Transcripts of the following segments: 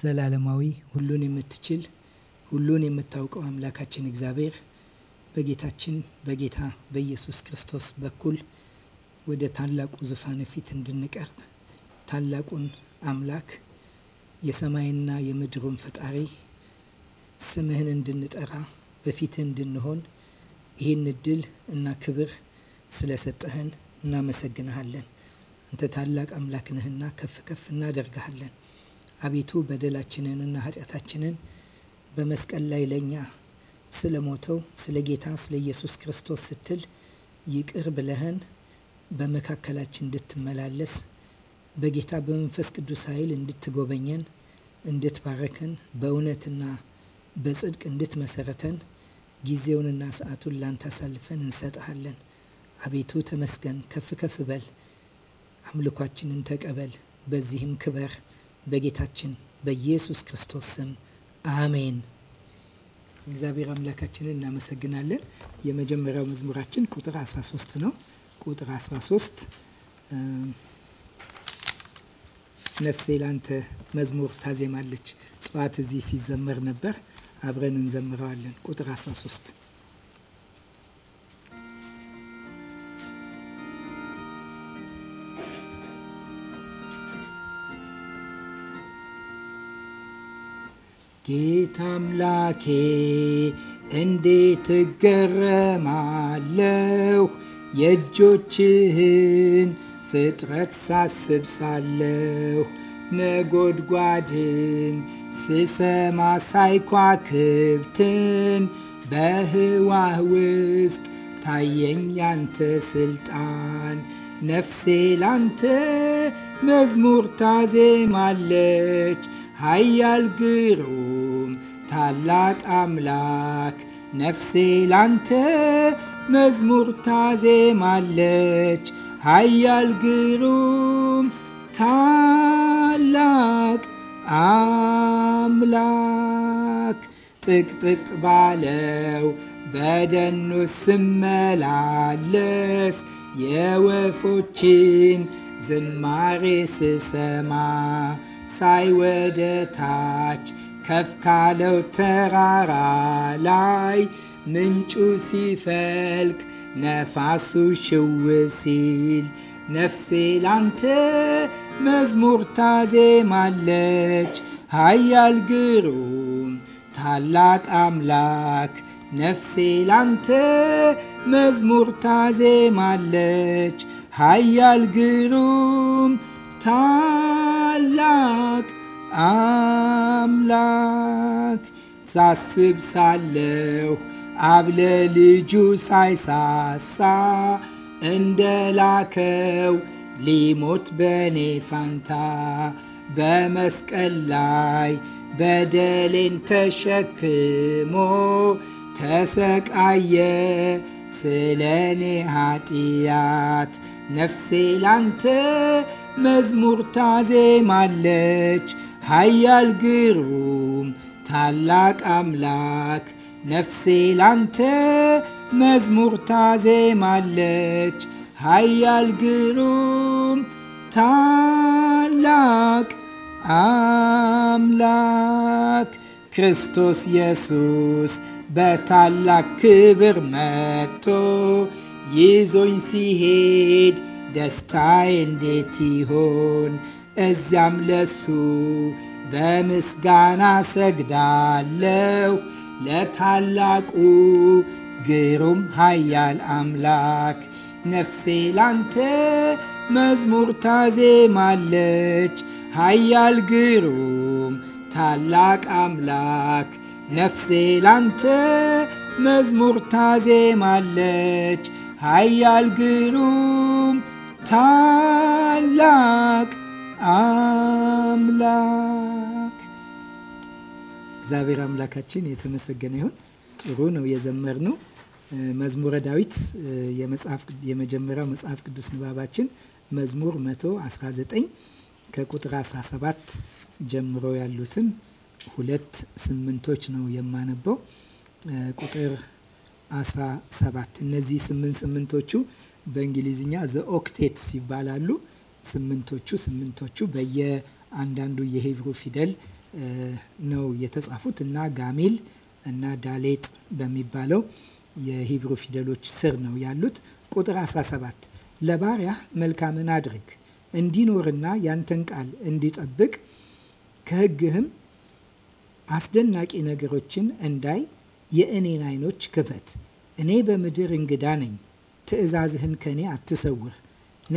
ዘላለማዊ ሁሉን የምትችል ሁሉን የምታውቀው አምላካችን እግዚአብሔር በጌታችን በጌታ በኢየሱስ ክርስቶስ በኩል ወደ ታላቁ ዙፋን ፊት እንድንቀርብ ታላቁን አምላክ የሰማይና የምድሩን ፈጣሪ ስምህን እንድንጠራ በፊትህ እንድንሆን ይህን እድል እና ክብር ስለሰጠህን እናመሰግንሃለን። አንተ ታላቅ አምላክ ነህና ከፍ ከፍ እናደርግሃለን። አቤቱ በደላችንንና ኃጢአታችንን በመስቀል ላይ ለእኛ ስለ ሞተው ስለ ጌታ ስለ ኢየሱስ ክርስቶስ ስትል ይቅር ብለህን በመካከላችን እንድትመላለስ በጌታ በመንፈስ ቅዱስ ኃይል እንድትጎበኘን እንድትባረከን በእውነትና በጽድቅ እንድትመሰረተን ጊዜውንና ሰዓቱን ላንተ አሳልፈን እንሰጥሃለን። አቤቱ ተመስገን፣ ከፍ ከፍ በል፣ አምልኳችንን ተቀበል፣ በዚህም ክበር። በጌታችን በኢየሱስ ክርስቶስ ስም አሜን። እግዚአብሔር አምላካችንን እናመሰግናለን። የመጀመሪያው መዝሙራችን ቁጥር 13 ነው። ቁጥር 13 ነፍሴ ላንተ መዝሙር ታዜማለች። ጠዋት እዚህ ሲዘመር ነበር። አብረን እንዘምረዋለን። ቁጥር 13 ጌታ አምላኬ እንዴት እገረማለሁ የእጆችህን ፍጥረት ሳስብ ሳለሁ ነጎድጓድን ስሰማ ክብትን በህዋህ ውስጥ ታየኝ ያንተ ስልጣን ነፍሴ ላንተ መዝሙር ታዜማለች። ኃያል ግሩም ታላቅ አምላክ ነፍሴ ላንተ መዝሙር ታዜማለች። ኃያል ግሩም ታላቅ አምላክ ጥቅጥቅ ባለው በደኑ ስመላለስ የወፎችን ዝማሬ ስሰማ ሳይ ወደ ታች ከፍ ካለው ተራራ ላይ ምንጩ ሲፈልቅ ነፋሱ ሽው ሲል ነፍሴ ላንተ መዝሙር ታዜማለች። ኃያል ግሩም ታላቅ አምላክ ነፍሴ ላንተ መዝሙር ታዜማለች። ኃያል ግሩም ታ ታላቅ አምላክ ሳስብ ሳለሁ አብ ለልጁ ሳይሳሳ እንደላከው ሊሞት በኔ ፋንታ በመስቀል ላይ በደሌን ተሸክሞ ተሰቃየ ስለኔ ኃጢአት ነፍሴ ላንተ መዝሙር ታዜማለች። ኃያል ግሩም ታላቅ አምላክ ነፍሴ ላንተ መዝሙር ታዜማለች። ኃያል ግሩም ታላቅ አምላክ ክርስቶስ ኢየሱስ በታላቅ ክብር መጥቶ ይዞኝ ሲሄድ ደስታዬ እንዴት ይሆን እዚያም ለሱ በምስጋና ሰግዳለሁ ለታላቁ ግሩም ኃያል አምላክ ነፍሴ ላንተ መዝሙር ታዜማለች። ኃያል ግሩም ታላቅ አምላክ ነፍሴ ላንተ መዝሙር ታዜማለች። ኃያል ግሩም ታላቅ አምላክ እግዚአብሔር አምላካችን የተመሰገነ ይሁን። ጥሩ ነው የዘመርነው መዝሙረ ዳዊት የመጀመሪያው መጽሐፍ ቅዱስ ንባባችን መዝሙር 119 ከቁጥር 17 ጀምሮ ያሉትን ሁለት ስምንቶች ነው የማነበው። ቁጥር 17 እነዚህ ስምንት ስምንቶቹ በእንግሊዝኛ ዘ ኦክቴትስ ይባላሉ። ስምንቶቹ ስምንቶቹ በየአንዳንዱ የሂብሩ ፊደል ነው የተጻፉት እና ጋሜል እና ዳሌጥ በሚባለው የሂብሩ ፊደሎች ስር ነው ያሉት። ቁጥር 17 ለባሪያ መልካምን አድርግ እንዲኖርና ያንተን ቃል እንዲጠብቅ ከሕግህም አስደናቂ ነገሮችን እንዳይ የእኔን ዓይኖች ክፈት። እኔ በምድር እንግዳ ነኝ ትእዛዝህን ከኔ አትሰውር።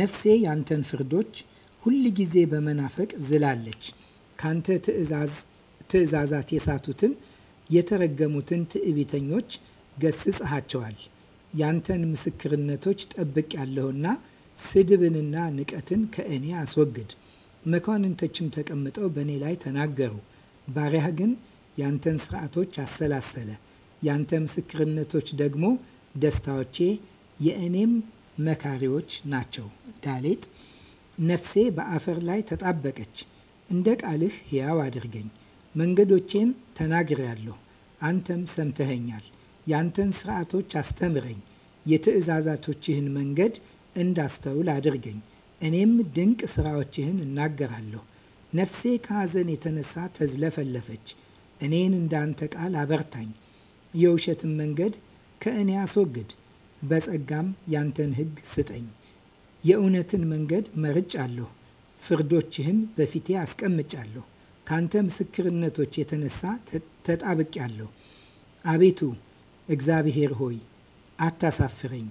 ነፍሴ ያንተን ፍርዶች ሁል ጊዜ በመናፈቅ ዝላለች። ካንተ ትእዛዛት የሳቱትን የተረገሙትን ትዕቢተኞች ገስጽሃቸዋል። ያንተን ምስክርነቶች ጠብቅ ያለሁና ስድብንና ንቀትን ከእኔ አስወግድ። መኳንንቶችም ተቀምጠው በእኔ ላይ ተናገሩ። ባሪያህ ግን ያንተን ስርዓቶች አሰላሰለ። ያንተ ምስክርነቶች ደግሞ ደስታዎቼ የእኔም መካሪዎች ናቸው። ዳሌጥ ነፍሴ በአፈር ላይ ተጣበቀች። እንደ ቃልህ ሕያው አድርገኝ። መንገዶቼን ተናግሬያለሁ፣ አንተም ሰምተኸኛል። ያንተን ስርዓቶች አስተምረኝ፣ የትእዛዛቶችህን መንገድ እንዳስተውል አድርገኝ። እኔም ድንቅ ስራዎችህን እናገራለሁ። ነፍሴ ከሐዘን የተነሳ ተዝለፈለፈች። እኔን እንዳንተ ቃል አበርታኝ፣ የውሸትን መንገድ ከእኔ አስወግድ። በጸጋም ያንተን ሕግ ስጠኝ። የእውነትን መንገድ መርጫለሁ፣ ፍርዶችህን በፊቴ አስቀምጫለሁ። ካንተ ምስክርነቶች የተነሳ ተጣብቄአለሁ። አቤቱ እግዚአብሔር ሆይ አታሳፍረኝ።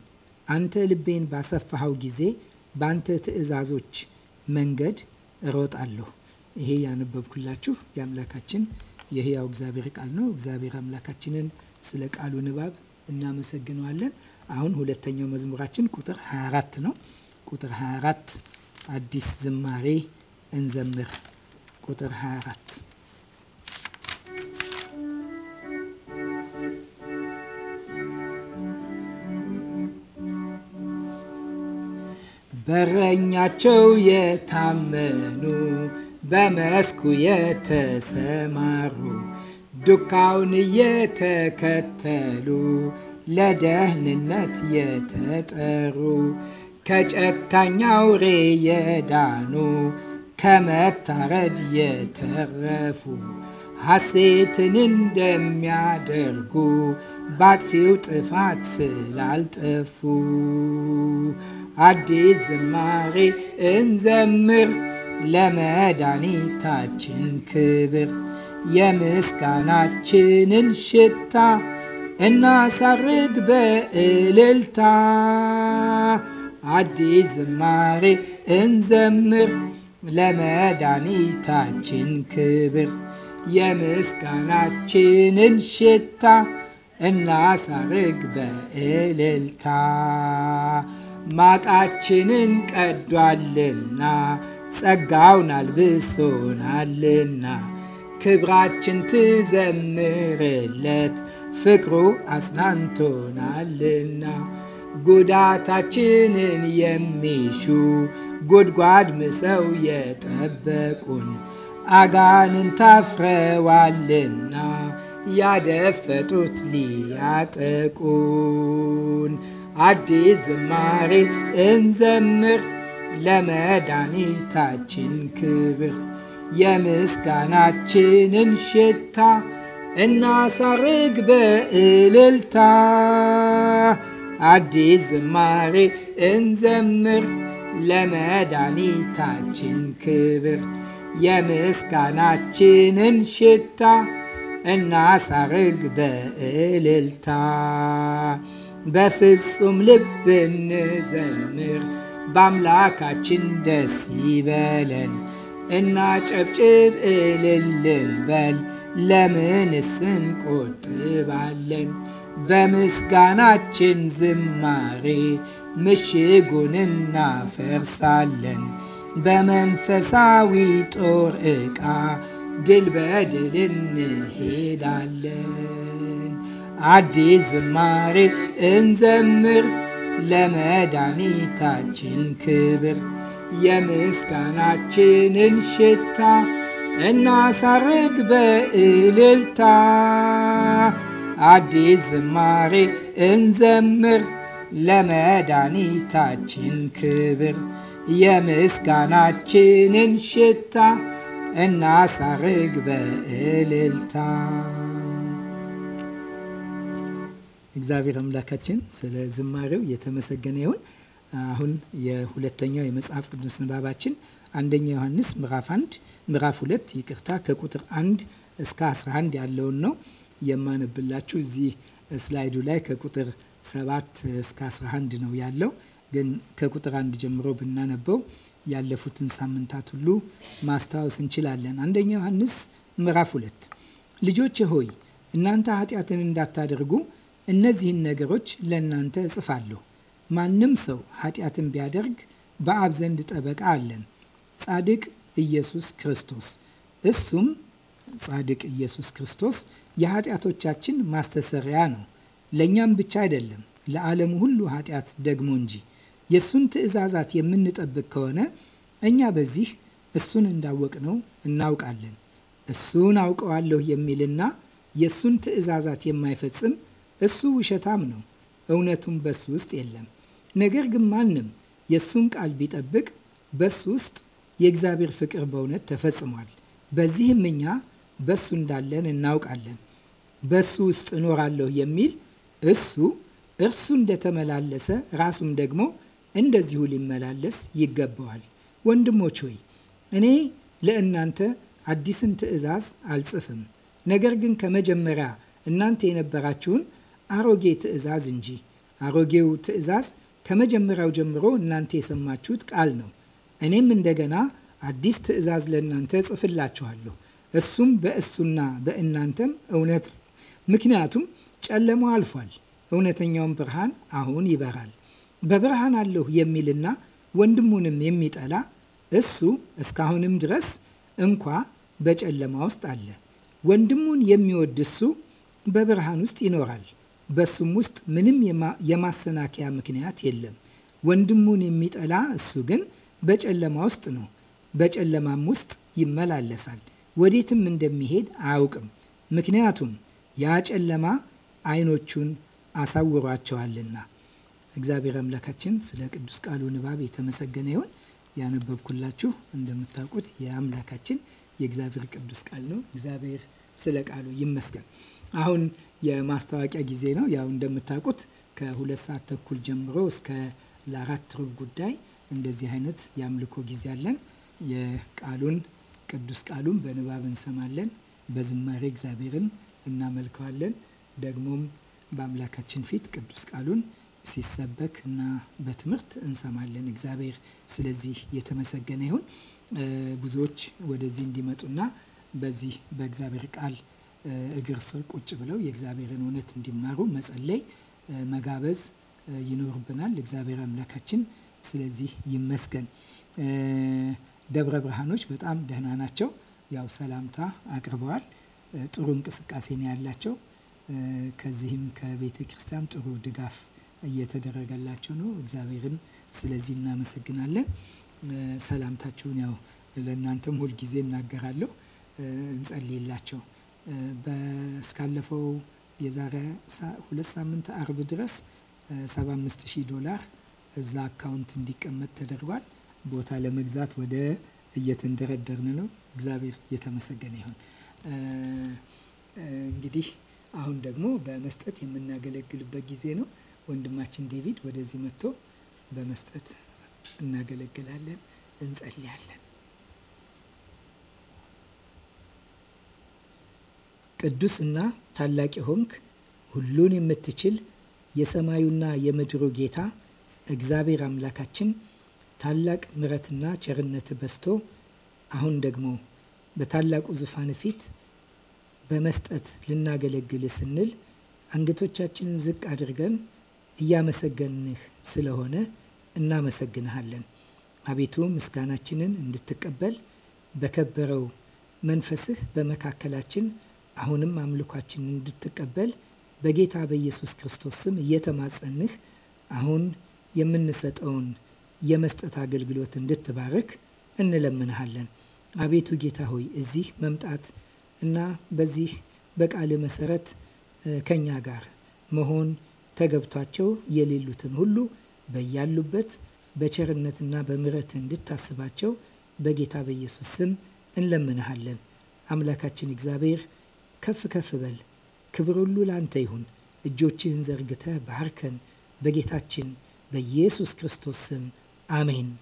አንተ ልቤን ባሰፋኸው ጊዜ በአንተ ትእዛዞች መንገድ እሮጣለሁ። ይሄ ያነበብኩላችሁ የአምላካችን የህያው እግዚአብሔር ቃል ነው። እግዚአብሔር አምላካችንን ስለ ቃሉ ንባብ እናመሰግነዋለን። አሁን ሁለተኛው መዝሙራችን ቁጥር 24 ነው። ቁጥር 24 አዲስ ዝማሬ እንዘምር። ቁጥር 24 በረኛቸው የታመኑ በመስኩ የተሰማሩ ዱካውን እየተከተሉ ለደህንነት የተጠሩ ከጨካኛው ሬ የዳኑ ከመታረድ የተረፉ ሐሴትን እንደሚያደርጉ ባጥፊው ጥፋት ስላልጠፉ አዲስ ዝማሬ እንዘምር ለመድኃኒታችን ክብር የምስጋናችንን ሽታ እናሳርግ በእልልታ አዲስ ዝማሬ እንዘምር ለመድኃኒታችን ክብር የምስጋናችንን ሽታ እናሳርግ በእልልታ ማቃችንን ቀዷልና ጸጋውን አልብሶናልና ክብራችን ትዘምርለት ፍቅሩ አጽናንቶናልና ጉዳታችንን የሚሹ ጉድጓድ ምሰው የጠበቁን አጋንን ታፍረዋልና ያደፈጡት ሊያጠቁን አዲስ ዝማሬ እንዘምር ለመድኃኒታችን ክብር የምስጋናችንን ሽታ እናሳርግ በእልልታ አዲስ ዝማሬ እንዘምር ለመድኃኒታችን ክብር የምስጋናችንን ሽታ እናሳርግ በእልልታ በፍጹም ልብ እንዘምር በአምላካችን ደስ ይበለን፣ ጨብጭብ እልልን በል ለምንስ እንቆጥባለን? በምስጋናችን ዝማሬ ምሽጉን እናፈርሳለን። በመንፈሳዊ ጦር ዕቃ ድል በድል እንሄዳለን። አዲስ ዝማሬ እንዘምር ለመድኃኒታችን ክብር የምስጋናችንን ሽታ እናሳርግ በእልልታ አዲስ ዝማሬ እንዘምር ለመድኃኒታችን ክብር የምስጋናችንን ሽታ እናሳርግ በእልልታ። እግዚአብሔር አምላካችን ስለ ዝማሬው የተመሰገነ ይሁን። አሁን የሁለተኛው የመጽሐፍ ቅዱስ ንባባችን አንደኛ ዮሐንስ ምዕራፍ አንድ ምዕራፍ ሁለት ይቅርታ ከቁጥር አንድ እስከ 11 ያለውን ነው የማነብላችሁ። እዚህ ስላይዱ ላይ ከቁጥር 7 እስከ 11 ነው ያለው፣ ግን ከቁጥር አንድ ጀምሮ ብናነበው ያለፉትን ሳምንታት ሁሉ ማስታወስ እንችላለን። አንደኛ ዮሐንስ ምዕራፍ ሁለት ልጆቼ ሆይ እናንተ ኃጢአትን እንዳታደርጉ እነዚህን ነገሮች ለእናንተ እጽፋለሁ። ማንም ሰው ኃጢአትን ቢያደርግ በአብ ዘንድ ጠበቃ አለን፣ ጻድቅ ኢየሱስ ክርስቶስ እሱም ጻድቅ ኢየሱስ ክርስቶስ የኃጢአቶቻችን ማስተሰሪያ ነው። ለእኛም ብቻ አይደለም ለዓለም ሁሉ ኃጢአት ደግሞ እንጂ። የእሱን ትእዛዛት የምንጠብቅ ከሆነ እኛ በዚህ እሱን እንዳወቅ ነው እናውቃለን። እሱን አውቀዋለሁ የሚልና የእሱን ትእዛዛት የማይፈጽም እሱ ውሸታም ነው፣ እውነቱም በሱ ውስጥ የለም። ነገር ግን ማንም የእሱን ቃል ቢጠብቅ በሱ ውስጥ የእግዚአብሔር ፍቅር በእውነት ተፈጽሟል። በዚህም እኛ በሱ እንዳለን እናውቃለን። በሱ ውስጥ እኖራለሁ የሚል እሱ እርሱ እንደተመላለሰ ራሱም ደግሞ እንደዚሁ ሊመላለስ ይገባዋል። ወንድሞች ሆይ እኔ ለእናንተ አዲስን ትእዛዝ አልጽፍም፣ ነገር ግን ከመጀመሪያ እናንተ የነበራችሁን አሮጌ ትእዛዝ እንጂ። አሮጌው ትእዛዝ ከመጀመሪያው ጀምሮ እናንተ የሰማችሁት ቃል ነው። እኔም እንደገና አዲስ ትእዛዝ ለእናንተ ጽፍላችኋለሁ፣ እሱም በእሱና በእናንተም እውነት ነው። ምክንያቱም ጨለማ አልፏል፣ እውነተኛውም ብርሃን አሁን ይበራል። በብርሃን አለሁ የሚልና ወንድሙንም የሚጠላ እሱ እስካሁንም ድረስ እንኳ በጨለማ ውስጥ አለ። ወንድሙን የሚወድ እሱ በብርሃን ውስጥ ይኖራል፣ በሱም ውስጥ ምንም የማሰናከያ ምክንያት የለም። ወንድሙን የሚጠላ እሱ ግን በጨለማ ውስጥ ነው። በጨለማም ውስጥ ይመላለሳል። ወዴትም እንደሚሄድ አያውቅም። ምክንያቱም ያ ጨለማ አይኖቹን አሳውሯቸዋልና። እግዚአብሔር አምላካችን ስለ ቅዱስ ቃሉ ንባብ የተመሰገነ ይሁን። ያነበብኩላችሁ እንደምታውቁት የአምላካችን የእግዚአብሔር ቅዱስ ቃል ነው። እግዚአብሔር ስለ ቃሉ ይመስገን። አሁን የማስታወቂያ ጊዜ ነው። ያው እንደምታውቁት ከሁለት ሰዓት ተኩል ጀምሮ እስከ ለአራት ሩብ ጉዳይ እንደዚህ አይነት የአምልኮ ጊዜ አለን። የቃሉን ቅዱስ ቃሉን በንባብ እንሰማለን፣ በዝማሬ እግዚአብሔርን እናመልከዋለን። ደግሞም በአምላካችን ፊት ቅዱስ ቃሉን ሲሰበክ እና በትምህርት እንሰማለን። እግዚአብሔር ስለዚህ የተመሰገነ ይሁን። ብዙዎች ወደዚህ እንዲመጡና በዚህ በእግዚአብሔር ቃል እግር ስር ቁጭ ብለው የእግዚአብሔርን እውነት እንዲማሩ መጸለይ፣ መጋበዝ ይኖርብናል። እግዚአብሔር አምላካችን ስለዚህ ይመስገን። ደብረ ብርሃኖች በጣም ደህና ናቸው። ያው ሰላምታ አቅርበዋል። ጥሩ እንቅስቃሴ ነው ያላቸው። ከዚህም ከቤተ ክርስቲያን ጥሩ ድጋፍ እየተደረገላቸው ነው። እግዚአብሔርን ስለዚህ እናመሰግናለን። ሰላምታችሁን ያው ለእናንተም ሁልጊዜ እናገራለሁ። እንጸልይላቸው እስካለፈው የዛሬ ሁለት ሳምንት አርብ ድረስ 75 ሺህ ዶላር እዛ አካውንት እንዲቀመጥ ተደርጓል። ቦታ ለመግዛት ወደ እየተንደረደርን ነው። እግዚአብሔር እየተመሰገነ ይሁን። እንግዲህ አሁን ደግሞ በመስጠት የምናገለግልበት ጊዜ ነው። ወንድማችን ዴቪድ ወደዚህ መጥቶ በመስጠት እናገለግላለን፣ እንጸልያለን። ቅዱስና ታላቅ ሆንክ ሁሉን የምትችል የሰማዩና የምድሩ ጌታ እግዚአብሔር አምላካችን ታላቅ ምረትና ቸርነት በስቶ አሁን ደግሞ በታላቁ ዙፋን ፊት በመስጠት ልናገለግል ስንል አንገቶቻችንን ዝቅ አድርገን እያመሰገንህ ስለሆነ እናመሰግንሃለን። አቤቱ ምስጋናችንን እንድትቀበል በከበረው መንፈስህ በመካከላችን አሁንም አምልኳችንን እንድትቀበል በጌታ በኢየሱስ ክርስቶስ ስም እየተማጸንህ አሁን የምንሰጠውን የመስጠት አገልግሎት እንድትባርክ እንለምንሃለን። አቤቱ ጌታ ሆይ እዚህ መምጣት እና በዚህ በቃል መሰረት ከኛ ጋር መሆን ተገብቷቸው የሌሉትን ሁሉ በያሉበት በቸርነትና በምረት እንድታስባቸው በጌታ በኢየሱስ ስም እንለምንሃለን። አምላካችን እግዚአብሔር ከፍ ከፍ በል፣ ክብር ሁሉ ለአንተ ይሁን። እጆችህን ዘርግተህ ባርከን በጌታችን Jesus Christus Amen.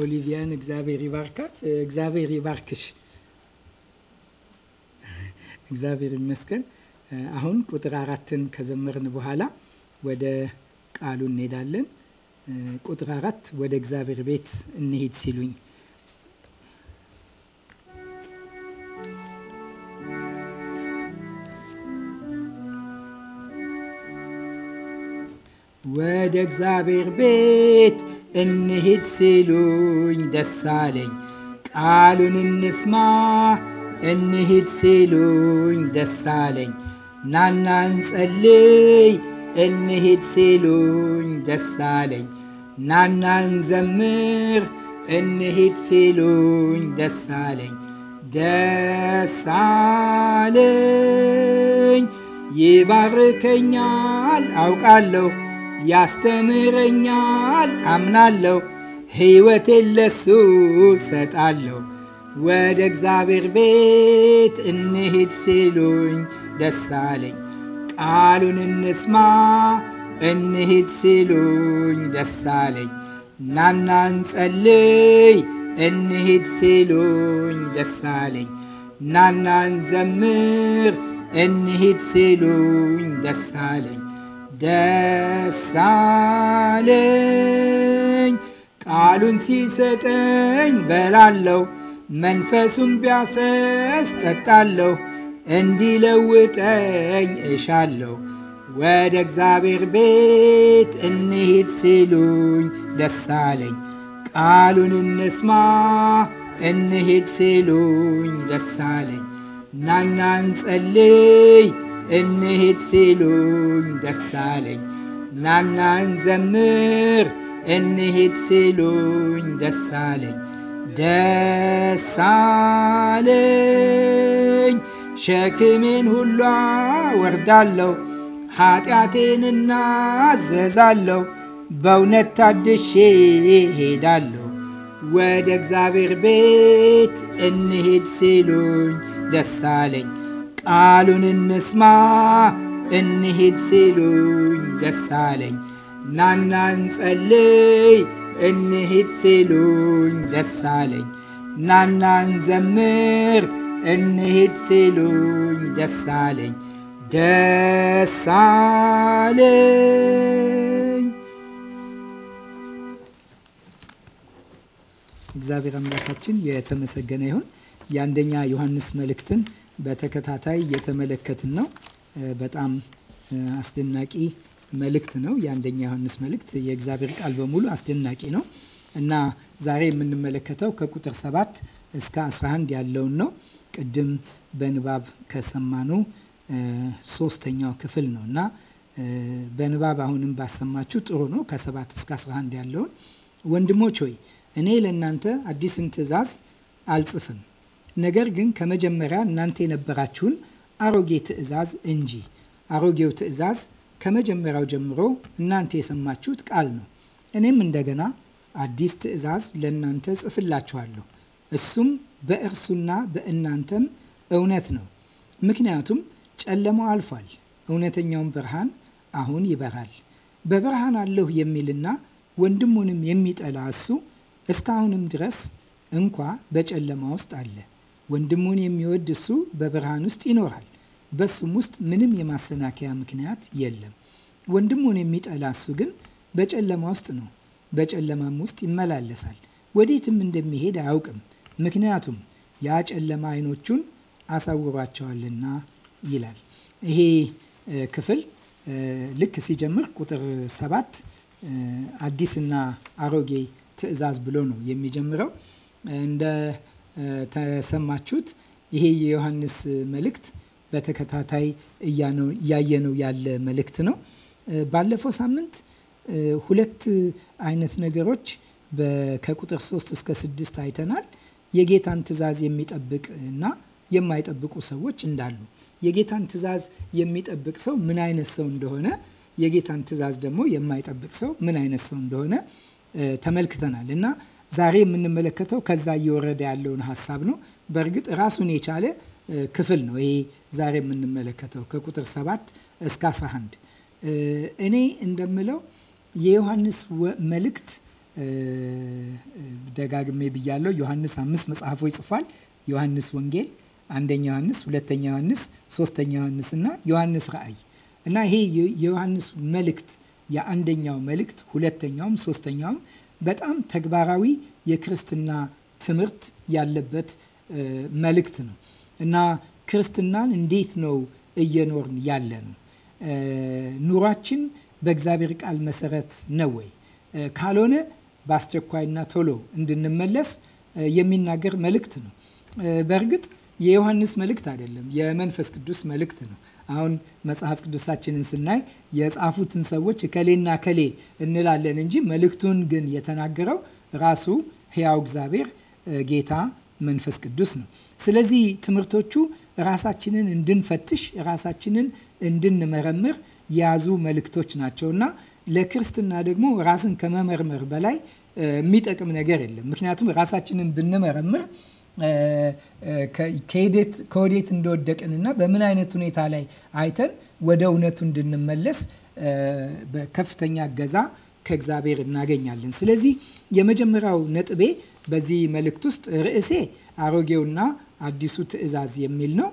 ኦሊቪያን እግዚአብሔር ይባርካት፣ እግዚአብሔር ይባርክሽ። እግዚአብሔር ይመስገን። አሁን ቁጥር አራትን ከዘመርን በኋላ ወደ ቃሉ እንሄዳለን። eh, ቁጥር አራት ወደ እግዚአብሔር ቤት እንሄድ ሲሉኝ ወደ እግዚአብሔር ቤት እንሂድ ሲሉኝ ደሳለኝ ቃሉን እንስማ እንሂድ ሲሉኝ ደሳለኝ ናና እንጸልይ እንሂድ ሲሉኝ ደሳለኝ ናና እንዘምር እንሂድ ሲሉኝ ደሳለኝ ደሳለኝ ይባርከኛል አውቃለሁ ያስተምረኛል አምናለሁ። ሕይወቴ ለሱ ሰጣለሁ። ወደ እግዚአብሔር ቤት እንሂድ ሲሉኝ ደሳለኝ! ቃሉን እንስማ እንሂድ ሲሉኝ ደሳለኝ አለኝ። ናና እንጸልይ እንሂድ ሲሉኝ ደሳለኝ አለኝ። ናና እንዘምር እንሂድ ሲሉኝ ደሳለኝ። ደሳለኝ ቃሉን ሲሰጠኝ በላለሁ መንፈሱን ቢያፈስ ጠጣለሁ እንዲለውጠኝ እሻለሁ። ወደ እግዚአብሔር ቤት እንሂድ ሲሉኝ ደሳለኝ ቃሉን እንስማ እንሂድ ሲሉኝ ደሳለኝ ናና እንጸልይ እንሂድ ሲሉኝ አለኝ። ናናን ዘምር እንሂድ ሲሉኝ ደሳለኝ ደሳለኝ ሸክሜን ሁሉ ወርዳለሁ ኃጢአቴን እናዘዛለሁ፣ በእውነት ታድሼ ሄዳለሁ ወደ እግዚአብሔር ቤት እንሂድ ሲሉኝ ደሳለኝ ቃሉን እንስማ እንሂድ ሲሉኝ ደሳለኝ ናና እንጸልይ እንሂድ ሲሉኝ ደሳለኝ ናና እንዘምር እንሂድ ሲሉኝ ደስ አለኝ። እግዚአብሔር አምላካችን የተመሰገነ ይሁን። የአንደኛ ዮሐንስ መልእክትን በተከታታይ እየተመለከትን ነው። በጣም አስደናቂ መልእክት ነው። የአንደኛ ዮሐንስ መልእክት የእግዚአብሔር ቃል በሙሉ አስደናቂ ነው እና ዛሬ የምንመለከተው ከቁጥር 7 እስከ 11 ያለውን ነው። ቅድም በንባብ ከሰማኑ ሶስተኛው ክፍል ነው እና በንባብ አሁንም ባሰማችሁ ጥሩ ነው ከሰባት እስከ 11 ያለውን ወንድሞች ሆይ እኔ ለእናንተ አዲስን ትእዛዝ አልጽፍም ነገር ግን ከመጀመሪያ እናንተ የነበራችሁን አሮጌ ትእዛዝ እንጂ። አሮጌው ትእዛዝ ከመጀመሪያው ጀምሮ እናንተ የሰማችሁት ቃል ነው። እኔም እንደገና አዲስ ትእዛዝ ለእናንተ ጽፍላችኋለሁ፣ እሱም በእርሱና በእናንተም እውነት ነው። ምክንያቱም ጨለማው አልፏል፣ እውነተኛውም ብርሃን አሁን ይበራል። በብርሃን አለሁ የሚልና ወንድሙንም የሚጠላ እሱ እስካሁንም ድረስ እንኳ በጨለማ ውስጥ አለ። ወንድሙን የሚወድ እሱ በብርሃን ውስጥ ይኖራል፣ በሱም ውስጥ ምንም የማሰናከያ ምክንያት የለም። ወንድሙን የሚጠላ እሱ ግን በጨለማ ውስጥ ነው፣ በጨለማም ውስጥ ይመላለሳል፣ ወዴትም እንደሚሄድ አያውቅም። ምክንያቱም ያ ጨለማ አይኖቹን አሳውሯቸዋልና ይላል። ይሄ ክፍል ልክ ሲጀምር ቁጥር ሰባት አዲስና አሮጌ ትእዛዝ ብሎ ነው የሚጀምረው እንደ ተሰማችሁት። ይሄ የዮሐንስ መልእክት በተከታታይ እያየነው ያለ መልእክት ነው። ባለፈው ሳምንት ሁለት አይነት ነገሮች ከቁጥር 3 እስከ 6 አይተናል። የጌታን ትእዛዝ የሚጠብቅ እና የማይጠብቁ ሰዎች እንዳሉ፣ የጌታን ትእዛዝ የሚጠብቅ ሰው ምን አይነት ሰው እንደሆነ፣ የጌታን ትእዛዝ ደግሞ የማይጠብቅ ሰው ምን አይነት ሰው እንደሆነ ተመልክተናል እና ዛሬ የምንመለከተው ከዛ እየወረደ ያለውን ሀሳብ ነው። በእርግጥ ራሱን የቻለ ክፍል ነው ይሄ ዛሬ የምንመለከተው ከቁጥር 7 እስከ 11 እኔ እንደምለው የዮሐንስ መልእክት ደጋግሜ ብያለው። ዮሐንስ አምስት መጽሐፎች ጽፏል። ዮሐንስ ወንጌል፣ አንደኛ ዮሐንስ፣ ሁለተኛ ዮሐንስ፣ ሶስተኛ ዮሐንስ እና ዮሐንስ ራእይ እና ይሄ የዮሐንስ መልእክት የአንደኛው መልእክት ሁለተኛውም ሶስተኛውም በጣም ተግባራዊ የክርስትና ትምህርት ያለበት መልእክት ነው እና ክርስትናን እንዴት ነው እየኖርን ያለ ነው? ኑሯችን በእግዚአብሔር ቃል መሰረት ነው ወይ? ካልሆነ በአስቸኳይና ቶሎ እንድንመለስ የሚናገር መልእክት ነው። በእርግጥ የዮሐንስ መልእክት አይደለም፣ የመንፈስ ቅዱስ መልእክት ነው። አሁን መጽሐፍ ቅዱሳችንን ስናይ የጻፉትን ሰዎች እከሌና እከሌ እንላለን እንጂ መልእክቱን ግን የተናገረው ራሱ ሕያው እግዚአብሔር ጌታ መንፈስ ቅዱስ ነው። ስለዚህ ትምህርቶቹ ራሳችንን እንድንፈትሽ፣ ራሳችንን እንድንመረምር የያዙ መልእክቶች ናቸውና ለክርስትና ደግሞ ራስን ከመመርመር በላይ የሚጠቅም ነገር የለም። ምክንያቱም ራሳችንን ብንመረምር ከወዴት እንደወደቅንና በምን አይነት ሁኔታ ላይ አይተን ወደ እውነቱ እንድንመለስ በከፍተኛ እገዛ ከእግዚአብሔር እናገኛለን። ስለዚህ የመጀመሪያው ነጥቤ በዚህ መልእክት ውስጥ ርዕሴ አሮጌውና አዲሱ ትእዛዝ የሚል ነው።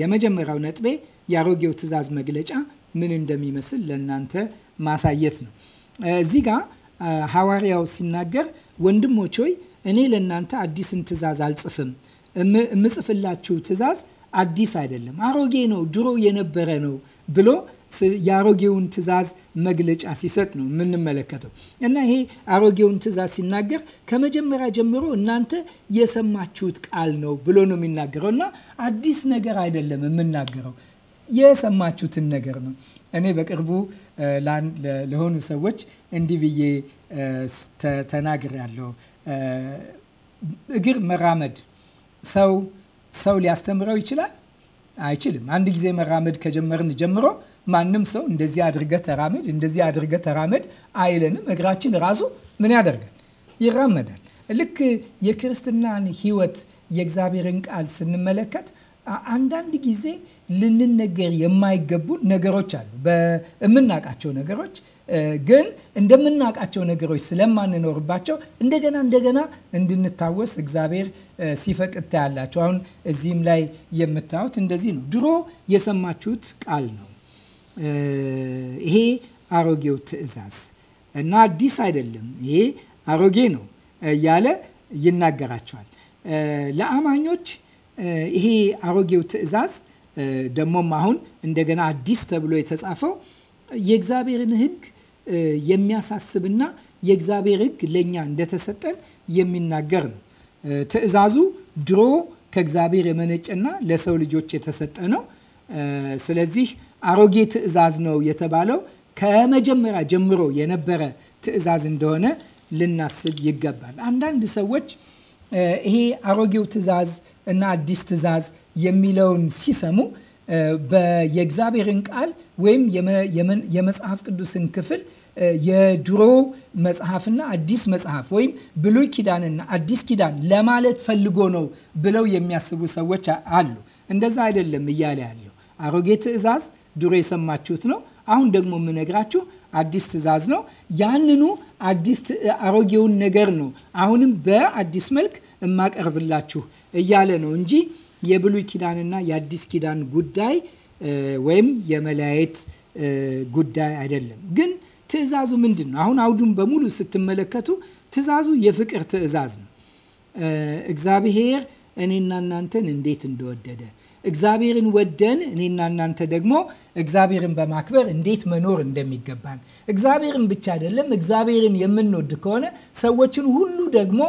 የመጀመሪያው ነጥቤ የአሮጌው ትእዛዝ መግለጫ ምን እንደሚመስል ለእናንተ ማሳየት ነው። እዚህ ጋር ሐዋርያው ሲናገር ወንድሞች ሆይ እኔ ለእናንተ አዲስን ትእዛዝ አልጽፍም። የምጽፍላችሁ ትእዛዝ አዲስ አይደለም፣ አሮጌ ነው፣ ድሮ የነበረ ነው ብሎ የአሮጌውን ትእዛዝ መግለጫ ሲሰጥ ነው የምንመለከተው። እና ይሄ አሮጌውን ትእዛዝ ሲናገር ከመጀመሪያ ጀምሮ እናንተ የሰማችሁት ቃል ነው ብሎ ነው የሚናገረው። እና አዲስ ነገር አይደለም የምናገረው የሰማችሁትን ነገር ነው። እኔ በቅርቡ ለሆኑ ሰዎች እንዲህ ብዬ ተናግሬያለሁ። እግር መራመድ ሰው ሰው ሊያስተምረው ይችላል? አይችልም። አንድ ጊዜ መራመድ ከጀመርን ጀምሮ ማንም ሰው እንደዚህ አድርገ ተራመድ፣ እንደዚህ አድርገ ተራመድ አይለንም። እግራችን ራሱ ምን ያደርጋል? ይራመዳል። ልክ የክርስትናን ህይወት የእግዚአብሔርን ቃል ስንመለከት አንዳንድ ጊዜ ልንነገር የማይገቡ ነገሮች አሉ። የምናውቃቸው ነገሮች ግን እንደምናውቃቸው ነገሮች ስለማንኖርባቸው እንደገና እንደገና እንድንታወስ እግዚአብሔር ሲፈቅድ ታያላቸው። አሁን እዚህም ላይ የምታዩት እንደዚህ ነው። ድሮ የሰማችሁት ቃል ነው ይሄ አሮጌው ትእዛዝ እና አዲስ አይደለም ይሄ አሮጌ ነው እያለ ይናገራቸዋል። ለአማኞች ይሄ አሮጌው ትእዛዝ ደግሞም አሁን እንደገና አዲስ ተብሎ የተጻፈው የእግዚአብሔርን ሕግ የሚያሳስብና የእግዚአብሔር ሕግ ለእኛ እንደተሰጠን የሚናገር ነው። ትእዛዙ ድሮ ከእግዚአብሔር የመነጨና ለሰው ልጆች የተሰጠ ነው። ስለዚህ አሮጌ ትእዛዝ ነው የተባለው ከመጀመሪያ ጀምሮ የነበረ ትእዛዝ እንደሆነ ልናስብ ይገባል። አንዳንድ ሰዎች ይሄ አሮጌው ትእዛዝ እና አዲስ ትእዛዝ የሚለውን ሲሰሙ የእግዚአብሔርን ቃል ወይም የመጽሐፍ ቅዱስን ክፍል የድሮ መጽሐፍና አዲስ መጽሐፍ ወይም ብሉይ ኪዳንና አዲስ ኪዳን ለማለት ፈልጎ ነው ብለው የሚያስቡ ሰዎች አሉ። እንደዛ አይደለም እያለ ያለው አሮጌ ትእዛዝ ድሮ የሰማችሁት ነው። አሁን ደግሞ የምነግራችሁ አዲስ ትእዛዝ ነው። ያንኑ አዲስ አሮጌውን ነገር ነው አሁንም በአዲስ መልክ እማቀርብላችሁ እያለ ነው እንጂ የብሉይ ኪዳንና የአዲስ ኪዳን ጉዳይ ወይም የመለያየት ጉዳይ አይደለም። ግን ትዕዛዙ ምንድን ነው? አሁን አውዱን በሙሉ ስትመለከቱ ትዕዛዙ የፍቅር ትዕዛዝ ነው። እግዚአብሔር እኔና እናንተን እንዴት እንደወደደ እግዚአብሔርን ወደን እኔና እናንተ ደግሞ እግዚአብሔርን በማክበር እንዴት መኖር እንደሚገባን እግዚአብሔርን ብቻ አይደለም እግዚአብሔርን የምንወድ ከሆነ ሰዎችን ሁሉ ደግሞ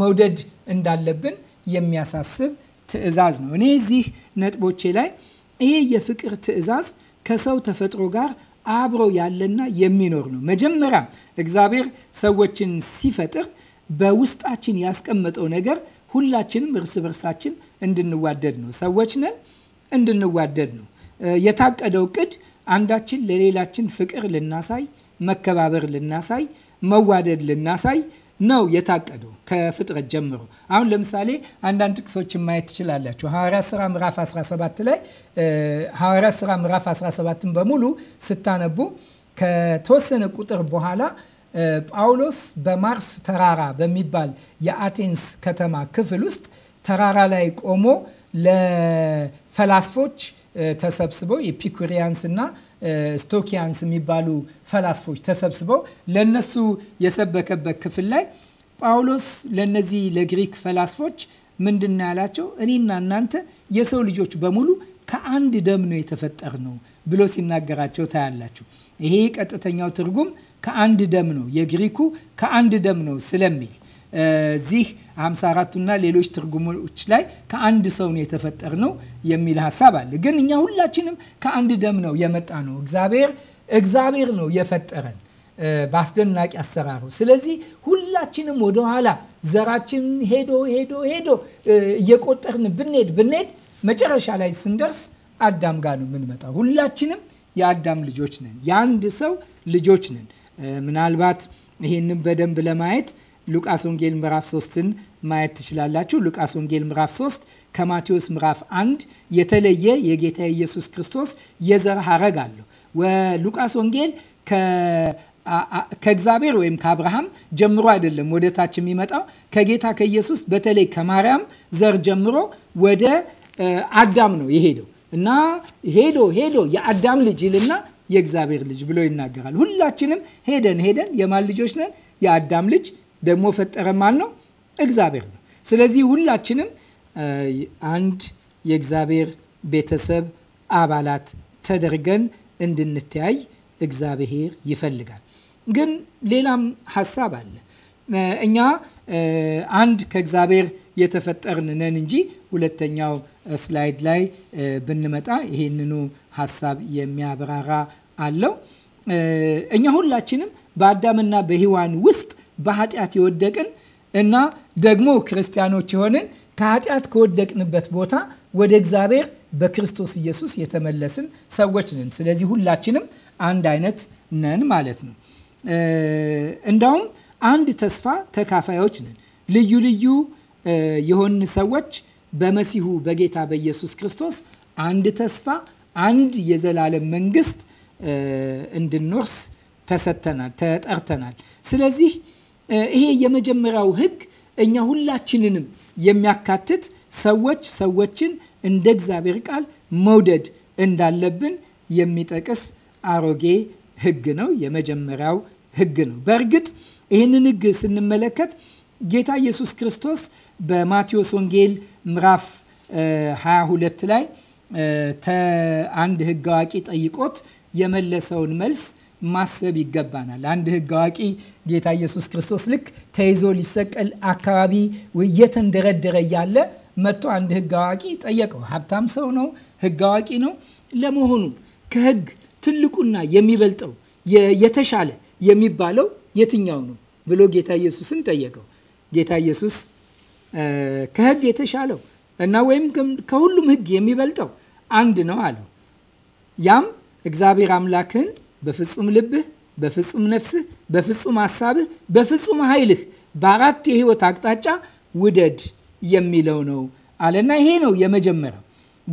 መውደድ እንዳለብን የሚያሳስብ ትእዛዝ ነው። እኔ እዚህ ነጥቦቼ ላይ ይሄ የፍቅር ትእዛዝ ከሰው ተፈጥሮ ጋር አብሮ ያለና የሚኖር ነው። መጀመሪያም እግዚአብሔር ሰዎችን ሲፈጥር በውስጣችን ያስቀመጠው ነገር ሁላችንም እርስ በርሳችን እንድንዋደድ ነው። ሰዎች ነን፣ እንድንዋደድ ነው የታቀደው ቅድ አንዳችን ለሌላችን ፍቅር ልናሳይ፣ መከባበር ልናሳይ፣ መዋደድ ልናሳይ ነው የታቀደው ከፍጥረት ጀምሮ። አሁን ለምሳሌ አንዳንድ ጥቅሶችን ማየት ትችላላችሁ። ሐዋርያት ሥራ ምዕራፍ 17 ላይ ሐዋርያት ሥራ ምዕራፍ 17ን በሙሉ ስታነቡ ከተወሰነ ቁጥር በኋላ ጳውሎስ በማርስ ተራራ በሚባል የአቴንስ ከተማ ክፍል ውስጥ ተራራ ላይ ቆሞ ለፈላስፎች ተሰብስበው የፒኩሪያንስ እና ስቶኪያንስ የሚባሉ ፈላስፎች ተሰብስበው ለነሱ የሰበከበት ክፍል ላይ ጳውሎስ ለነዚህ ለግሪክ ፈላስፎች ምንድን ያላቸው? እኔና እናንተ የሰው ልጆች በሙሉ ከአንድ ደም ነው የተፈጠር ነው ብሎ ሲናገራቸው ታያላችሁ። ይሄ ቀጥተኛው ትርጉም ከአንድ ደም ነው የግሪኩ ከአንድ ደም ነው ስለሚል እዚህ 54ቱና ሌሎች ትርጉሞች ላይ ከአንድ ሰው ነው የተፈጠር ነው የሚል ሀሳብ አለ። ግን እኛ ሁላችንም ከአንድ ደም ነው የመጣ ነው። እግዚአብሔር እግዚአብሔር ነው የፈጠረን በአስደናቂ አሰራሩ። ስለዚህ ሁላችንም ወደኋላ ዘራችን ሄዶ ሄዶ ሄዶ እየቆጠርን ብንሄድ ብንሄድ መጨረሻ ላይ ስንደርስ አዳም ጋር ነው የምንመጣው። ሁላችንም የአዳም ልጆች ነን፣ የአንድ ሰው ልጆች ነን። ምናልባት ይህንም በደንብ ለማየት ሉቃስ ወንጌል ምዕራፍ 3ን ማየት ትችላላችሁ። ሉቃስ ወንጌል ምዕራፍ 3 ከማቴዎስ ምዕራፍ 1 የተለየ የጌታ ኢየሱስ ክርስቶስ የዘር ሐረግ አለው። ወሉቃስ ወንጌል ከእግዚአብሔር ወይም ከአብርሃም ጀምሮ አይደለም ወደ ታች የሚመጣው ከጌታ ከኢየሱስ በተለይ ከማርያም ዘር ጀምሮ ወደ አዳም ነው የሄደው እና ሄዶ ሄዶ የአዳም ልጅ ይልና የእግዚአብሔር ልጅ ብሎ ይናገራል። ሁላችንም ሄደን ሄደን የማን ልጆች ነን? የአዳም ልጅ ደግሞ ፈጠረ ማን ነው? እግዚአብሔር ነው። ስለዚህ ሁላችንም አንድ የእግዚአብሔር ቤተሰብ አባላት ተደርገን እንድንተያይ እግዚአብሔር ይፈልጋል። ግን ሌላም ሀሳብ አለ። እኛ አንድ ከእግዚአብሔር የተፈጠርን ነን እንጂ ሁለተኛው ስላይድ ላይ ብንመጣ ይህንኑ ሀሳብ የሚያብራራ አለው። እኛ ሁላችንም በአዳምና በሔዋን ውስጥ በኃጢአት የወደቅን እና ደግሞ ክርስቲያኖች የሆንን ከኃጢአት ከወደቅንበት ቦታ ወደ እግዚአብሔር በክርስቶስ ኢየሱስ የተመለስን ሰዎች ነን። ስለዚህ ሁላችንም አንድ አይነት ነን ማለት ነው። እንዳውም አንድ ተስፋ ተካፋዮች ነን። ልዩ ልዩ የሆን ሰዎች በመሲሁ በጌታ በኢየሱስ ክርስቶስ አንድ ተስፋ፣ አንድ የዘላለም መንግስት እንድንወርስ ተሰጥተናል፣ ተጠርተናል። ስለዚህ ይሄ የመጀመሪያው ህግ እኛ ሁላችንንም የሚያካትት ሰዎች ሰዎችን እንደ እግዚአብሔር ቃል መውደድ እንዳለብን የሚጠቅስ አሮጌ ህግ ነው። የመጀመሪያው ህግ ነው። በእርግጥ ይህንን ህግ ስንመለከት ጌታ ኢየሱስ ክርስቶስ በማቴዎስ ወንጌል ምዕራፍ 22 ላይ አንድ ህግ አዋቂ ጠይቆት የመለሰውን መልስ ማሰብ ይገባናል። አንድ ህግ አዋቂ ጌታ ኢየሱስ ክርስቶስ ልክ ተይዞ ሊሰቀል አካባቢ እየተንደረደረ እያለ መጥቶ አንድ ህግ አዋቂ ጠየቀው። ሀብታም ሰው ነው፣ ህግ አዋቂ ነው። ለመሆኑ ከህግ ትልቁና የሚበልጠው የተሻለ የሚባለው የትኛው ነው ብሎ ጌታ ኢየሱስን ጠየቀው። ጌታ ኢየሱስ ከህግ የተሻለው እና ወይም ከሁሉም ህግ የሚበልጠው አንድ ነው አለው። ያም እግዚአብሔር አምላክህን በፍጹም ልብህ፣ በፍጹም ነፍስህ፣ በፍጹም ሀሳብህ፣ በፍጹም ኃይልህ በአራት የህይወት አቅጣጫ ውደድ የሚለው ነው አለና ይሄ ነው የመጀመሪያው።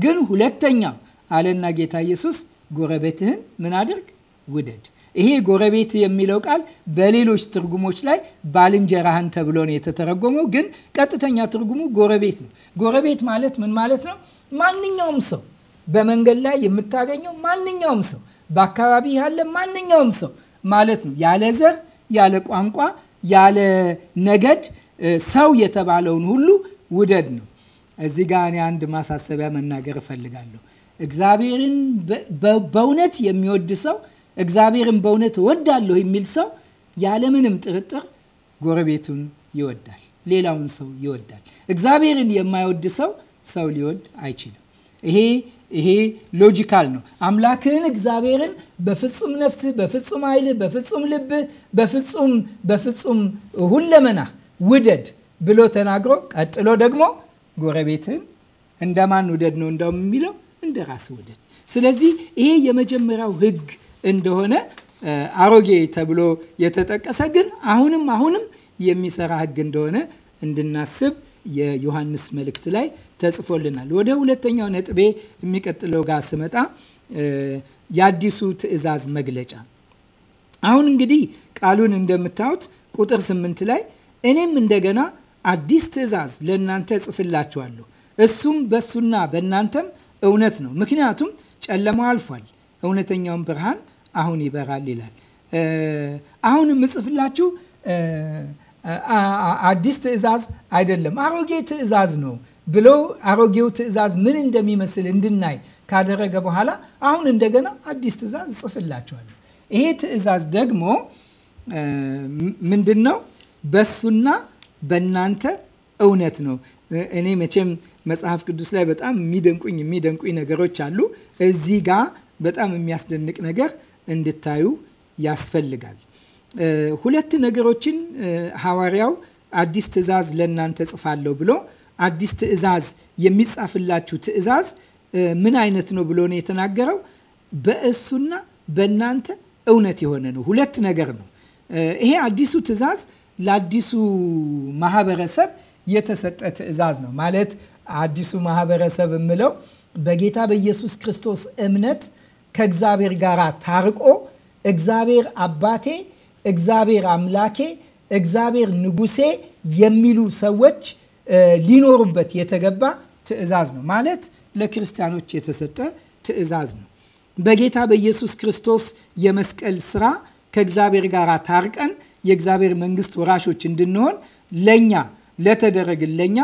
ግን ሁለተኛው አለና ጌታ ኢየሱስ ጎረቤትህን ምን አድርግ ውደድ። ይሄ ጎረቤት የሚለው ቃል በሌሎች ትርጉሞች ላይ ባልንጀራህን ተብሎ ነው የተተረጎመው፣ ግን ቀጥተኛ ትርጉሙ ጎረቤት ነው። ጎረቤት ማለት ምን ማለት ነው? ማንኛውም ሰው በመንገድ ላይ የምታገኘው ማንኛውም ሰው በአካባቢ ያለ ማንኛውም ሰው ማለት ነው። ያለ ዘር፣ ያለ ቋንቋ፣ ያለ ነገድ ሰው የተባለውን ሁሉ ውደድ ነው። እዚህ ጋ እኔ አንድ ማሳሰቢያ መናገር እፈልጋለሁ። እግዚአብሔርን በእውነት የሚወድ ሰው እግዚአብሔርን በእውነት እወዳለሁ የሚል ሰው ያለምንም ጥርጥር ጎረቤቱን ይወዳል፣ ሌላውን ሰው ይወዳል። እግዚአብሔርን የማይወድ ሰው ሰው ሊወድ አይችልም። ይሄ ይሄ ሎጂካል ነው። አምላክህን እግዚአብሔርን በፍጹም ነፍስህ፣ በፍጹም ኃይልህ፣ በፍጹም ልብህ፣ በፍጹም በፍጹም ሁለመና ውደድ ብሎ ተናግሮ ቀጥሎ ደግሞ ጎረቤትህን እንደማን ውደድ ነው እንደውም የሚለው እንደ ራስ ውደድ። ስለዚህ ይሄ የመጀመሪያው ህግ እንደሆነ አሮጌ ተብሎ የተጠቀሰ ግን አሁንም አሁንም የሚሰራ ህግ እንደሆነ እንድናስብ የዮሐንስ መልእክት ላይ ተጽፎልናል። ወደ ሁለተኛው ነጥቤ የሚቀጥለው ጋር ስመጣ የአዲሱ ትእዛዝ መግለጫ። አሁን እንግዲህ ቃሉን እንደምታዩት ቁጥር ስምንት ላይ እኔም እንደገና አዲስ ትእዛዝ ለእናንተ ጽፍላችኋለሁ እሱም በሱና በእናንተም እውነት ነው። ምክንያቱም ጨለማው አልፏል፣ እውነተኛውን ብርሃን አሁን ይበራል ይላል። አሁን የምጽፍላችሁ አዲስ ትእዛዝ አይደለም፣ አሮጌ ትእዛዝ ነው ብሎ አሮጌው ትእዛዝ ምን እንደሚመስል እንድናይ ካደረገ በኋላ አሁን እንደገና አዲስ ትእዛዝ እጽፍላችኋለሁ። ይሄ ትእዛዝ ደግሞ ምንድን ነው? በሱና በእናንተ እውነት ነው። እኔ መቼም መጽሐፍ ቅዱስ ላይ በጣም የሚደንቁኝ የሚደንቁኝ ነገሮች አሉ። እዚህ ጋ በጣም የሚያስደንቅ ነገር እንድታዩ ያስፈልጋል። ሁለት ነገሮችን ሐዋርያው አዲስ ትእዛዝ ለእናንተ ጽፋለሁ ብሎ አዲስ ትእዛዝ የሚጻፍላችሁ ትእዛዝ ምን አይነት ነው ብሎ ነው የተናገረው። በእሱና በእናንተ እውነት የሆነ ነው። ሁለት ነገር ነው። ይሄ አዲሱ ትእዛዝ ለአዲሱ ማህበረሰብ የተሰጠ ትእዛዝ ነው። ማለት አዲሱ ማህበረሰብ የምለው በጌታ በኢየሱስ ክርስቶስ እምነት ከእግዚአብሔር ጋር ታርቆ እግዚአብሔር አባቴ፣ እግዚአብሔር አምላኬ፣ እግዚአብሔር ንጉሴ የሚሉ ሰዎች ሊኖሩበት የተገባ ትእዛዝ ነው ማለት ለክርስቲያኖች የተሰጠ ትእዛዝ ነው። በጌታ በኢየሱስ ክርስቶስ የመስቀል ስራ ከእግዚአብሔር ጋር ታርቀን የእግዚአብሔር መንግስት ወራሾች እንድንሆን ለእኛ ለተደረግን ለእኛ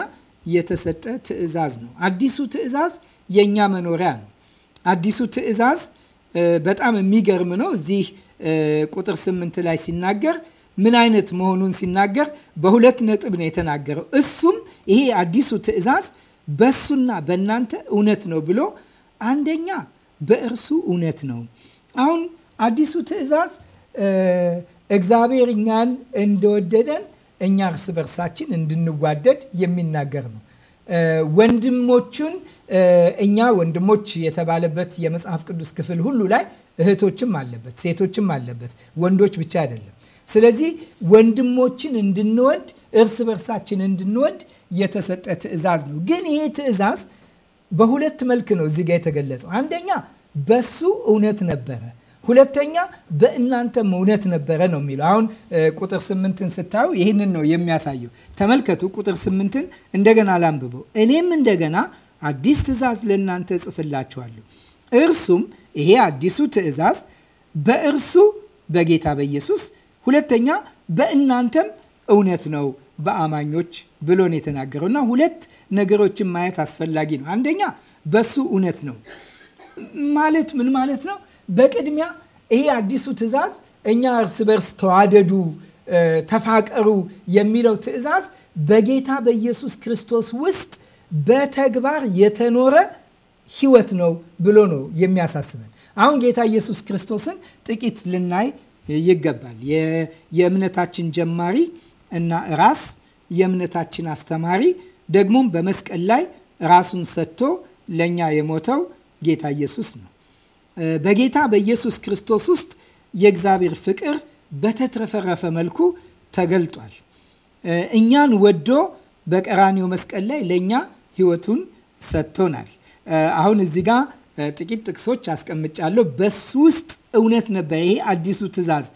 የተሰጠ ትእዛዝ ነው። አዲሱ ትእዛዝ የእኛ መኖሪያ ነው። አዲሱ ትእዛዝ በጣም የሚገርም ነው። እዚህ ቁጥር ስምንት ላይ ሲናገር ምን አይነት መሆኑን ሲናገር በሁለት ነጥብ ነው የተናገረው። እሱም ይሄ አዲሱ ትእዛዝ በሱና በእናንተ እውነት ነው ብሎ አንደኛ በእርሱ እውነት ነው። አሁን አዲሱ ትእዛዝ እግዚአብሔር እኛን እንደወደደን እኛ እርስ በርሳችን እንድንዋደድ የሚናገር ነው። ወንድሞቹን እኛ ወንድሞች የተባለበት የመጽሐፍ ቅዱስ ክፍል ሁሉ ላይ እህቶችም አለበት፣ ሴቶችም አለበት፣ ወንዶች ብቻ አይደለም። ስለዚህ ወንድሞችን እንድንወድ እርስ በርሳችን እንድንወድ የተሰጠ ትእዛዝ ነው። ግን ይህ ትእዛዝ በሁለት መልክ ነው እዚጋ የተገለጸው። አንደኛ በሱ እውነት ነበረ፣ ሁለተኛ በእናንተም እውነት ነበረ ነው የሚለው። አሁን ቁጥር ስምንትን ስታዩ ይህንን ነው የሚያሳየው። ተመልከቱ ቁጥር ስምንትን እንደገና ላንብበው። እኔም እንደገና አዲስ ትእዛዝ ለእናንተ እጽፍላችኋለሁ እርሱም ይሄ አዲሱ ትእዛዝ በእርሱ በጌታ በኢየሱስ ሁለተኛ በእናንተም እውነት ነው በአማኞች ብሎ ነው የተናገረው እና ሁለት ነገሮችን ማየት አስፈላጊ ነው። አንደኛ በሱ እውነት ነው ማለት ምን ማለት ነው? በቅድሚያ ይሄ አዲሱ ትእዛዝ እኛ እርስ በርስ ተዋደዱ፣ ተፋቀሩ የሚለው ትእዛዝ በጌታ በኢየሱስ ክርስቶስ ውስጥ በተግባር የተኖረ ህይወት ነው ብሎ ነው የሚያሳስበን። አሁን ጌታ ኢየሱስ ክርስቶስን ጥቂት ልናይ ይገባል። የእምነታችን ጀማሪ እና ራስ የእምነታችን አስተማሪ ደግሞም በመስቀል ላይ ራሱን ሰጥቶ ለእኛ የሞተው ጌታ ኢየሱስ ነው። በጌታ በኢየሱስ ክርስቶስ ውስጥ የእግዚአብሔር ፍቅር በተትረፈረፈ መልኩ ተገልጧል። እኛን ወዶ በቀራኒው መስቀል ላይ ለእኛ ህይወቱን ሰጥቶናል። አሁን እዚህ ጋር ጥቂት ጥቅሶች አስቀምጫለሁ። በሱ ውስጥ እውነት ነበር። ይሄ አዲሱ ትእዛዝ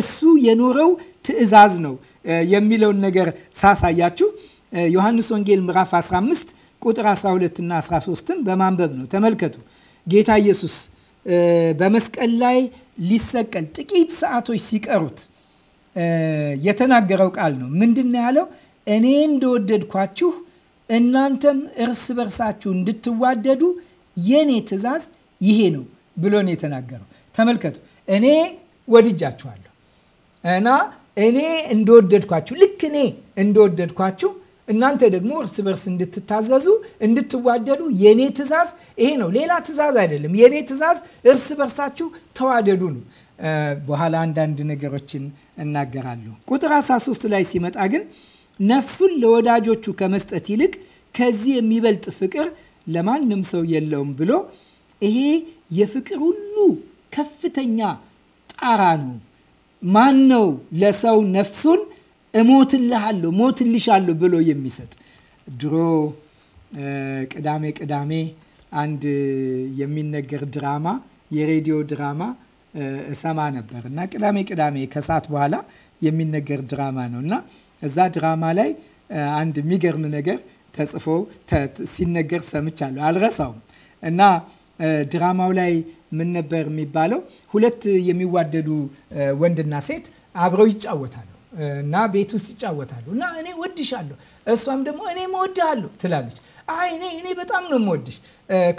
እሱ የኖረው ትእዛዝ ነው የሚለውን ነገር ሳሳያችሁ ዮሐንስ ወንጌል ምዕራፍ 15 ቁጥር 12 እና 13ን በማንበብ ነው። ተመልከቱ። ጌታ ኢየሱስ በመስቀል ላይ ሊሰቀል ጥቂት ሰዓቶች ሲቀሩት የተናገረው ቃል ነው። ምንድን ነው ያለው? እኔ እንደወደድኳችሁ እናንተም እርስ በርሳችሁ እንድትዋደዱ የኔ ትእዛዝ ይሄ ነው ብሎ ነው የተናገረው። ተመልከቱ፣ እኔ ወድጃችኋለሁ እና እኔ እንደወደድኳችሁ ልክ እኔ እንደወደድኳችሁ እናንተ ደግሞ እርስ በርስ እንድትታዘዙ እንድትዋደዱ የእኔ ትእዛዝ ይሄ ነው። ሌላ ትእዛዝ አይደለም። የእኔ ትእዛዝ እርስ በርሳችሁ ተዋደዱ ነው። በኋላ አንዳንድ ነገሮችን እናገራለሁ። ቁጥር 13 ላይ ሲመጣ ግን ነፍሱን ለወዳጆቹ ከመስጠት ይልቅ ከዚህ የሚበልጥ ፍቅር ለማንም ሰው የለውም ብሎ ይሄ የፍቅር ሁሉ ከፍተኛ ጣራ ነው። ማን ነው ለሰው ነፍሱን እሞትልሃለሁ ሞትልሻለሁ ብሎ የሚሰጥ? ድሮ ቅዳሜ ቅዳሜ አንድ የሚነገር ድራማ የሬዲዮ ድራማ እሰማ ነበር እና ቅዳሜ ቅዳሜ ከሰዓት በኋላ የሚነገር ድራማ ነው እና እዛ ድራማ ላይ አንድ የሚገርም ነገር ተጽፎ ሲነገር ሰምቻለሁ፣ አልረሳውም እና ድራማው ላይ ምን ነበር የሚባለው? ሁለት የሚዋደዱ ወንድና ሴት አብረው ይጫወታሉ እና ቤት ውስጥ ይጫወታሉ እና እኔ ወድሻለሁ፣ እሷም ደግሞ እኔ እወድሃለሁ ትላለች። አይ እኔ እኔ በጣም ነው የምወድሽ፣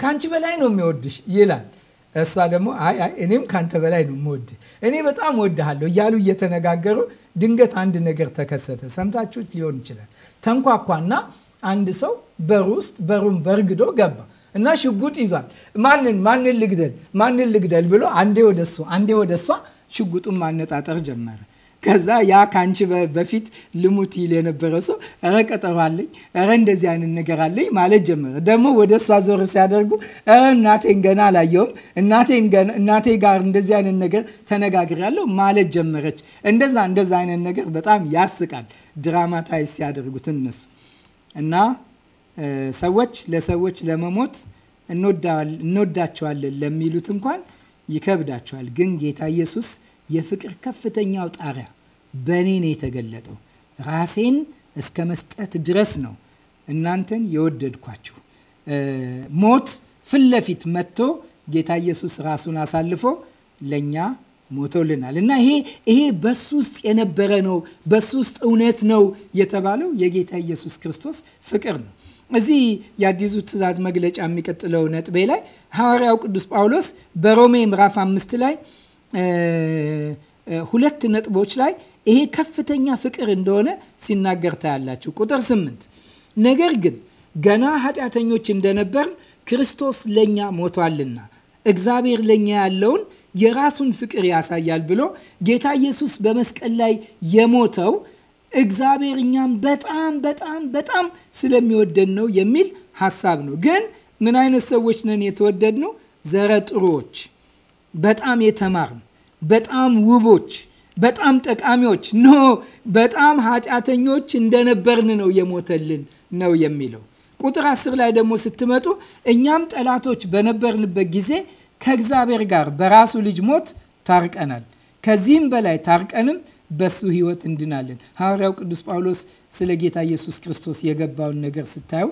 ከአንቺ በላይ ነው የሚወድሽ ይላል። እሷ ደግሞ አይ አይ እኔም ከአንተ በላይ ነው የምወድ፣ እኔ በጣም እወድሃለሁ እያሉ እየተነጋገሩ ድንገት አንድ ነገር ተከሰተ። ሰምታችሁት ሊሆን ይችላል። ተንኳኳና አንድ ሰው በሩ ውስጥ በሩን በርግዶ ገባ። እና ሽጉጥ ይዟል። ማንን ማንን ልግደል ማንን ልግደል ብሎ አንዴ ወደ እሱ አንዴ ወደ ሽጉጡን ማነጣጠር ጀመረ። ከዛ ያ ከአንቺ በፊት ልሙት ይል የነበረ ሰው ረ ቀጠሮ አለኝ፣ ረ እንደዚህ አይነት ነገር አለኝ ማለት ጀመረ። ደግሞ ወደ እሷ ዞር ሲያደርጉ ረ እናቴን ገና አላየውም፣ እናቴ ጋር እንደዚህ አይነት ነገር ተነጋግሬያለሁ ማለት ጀመረች። እንደዛ እንደዛ አይነት ነገር በጣም ያስቃል፣ ድራማታይዝ ሲያደርጉት እነሱ እና ሰዎች ለሰዎች ለመሞት እንወዳቸዋለን ለሚሉት እንኳን ይከብዳቸዋል። ግን ጌታ ኢየሱስ የፍቅር ከፍተኛው ጣሪያ በእኔ ነው የተገለጠው። ራሴን እስከ መስጠት ድረስ ነው እናንተን የወደድኳችሁ። ሞት ፊት ለፊት መጥቶ ጌታ ኢየሱስ ራሱን አሳልፎ ለእኛ ሞቶልናል እና ይሄ ይሄ በሱ ውስጥ የነበረ ነው። በሱ ውስጥ እውነት ነው የተባለው የጌታ ኢየሱስ ክርስቶስ ፍቅር ነው። እዚህ የአዲሱ ትእዛዝ መግለጫ የሚቀጥለው ነጥቤ ላይ ሐዋርያው ቅዱስ ጳውሎስ በሮሜ ምዕራፍ አምስት ላይ ሁለት ነጥቦች ላይ ይሄ ከፍተኛ ፍቅር እንደሆነ ሲናገር ታያላችሁ። ቁጥር ስምንት ነገር ግን ገና ኃጢአተኞች እንደነበርን ክርስቶስ ለእኛ ሞቷልና እግዚአብሔር ለእኛ ያለውን የራሱን ፍቅር ያሳያል ብሎ ጌታ ኢየሱስ በመስቀል ላይ የሞተው እግዚአብሔር እኛም በጣም በጣም በጣም ስለሚወደድ ነው የሚል ሀሳብ ነው። ግን ምን አይነት ሰዎች ነን የተወደድነው? ዘረጥሮዎች፣ በጣም የተማርን፣ በጣም ውቦች፣ በጣም ጠቃሚዎች ኖ በጣም ኃጢአተኞች እንደነበርን ነው የሞተልን ነው የሚለው። ቁጥር አስር ላይ ደግሞ ስትመጡ እኛም ጠላቶች በነበርንበት ጊዜ ከእግዚአብሔር ጋር በራሱ ልጅ ሞት ታርቀናል። ከዚህም በላይ ታርቀንም በሱ ህይወት እንድናለን። ሐዋርያው ቅዱስ ጳውሎስ ስለ ጌታ ኢየሱስ ክርስቶስ የገባውን ነገር ስታዩ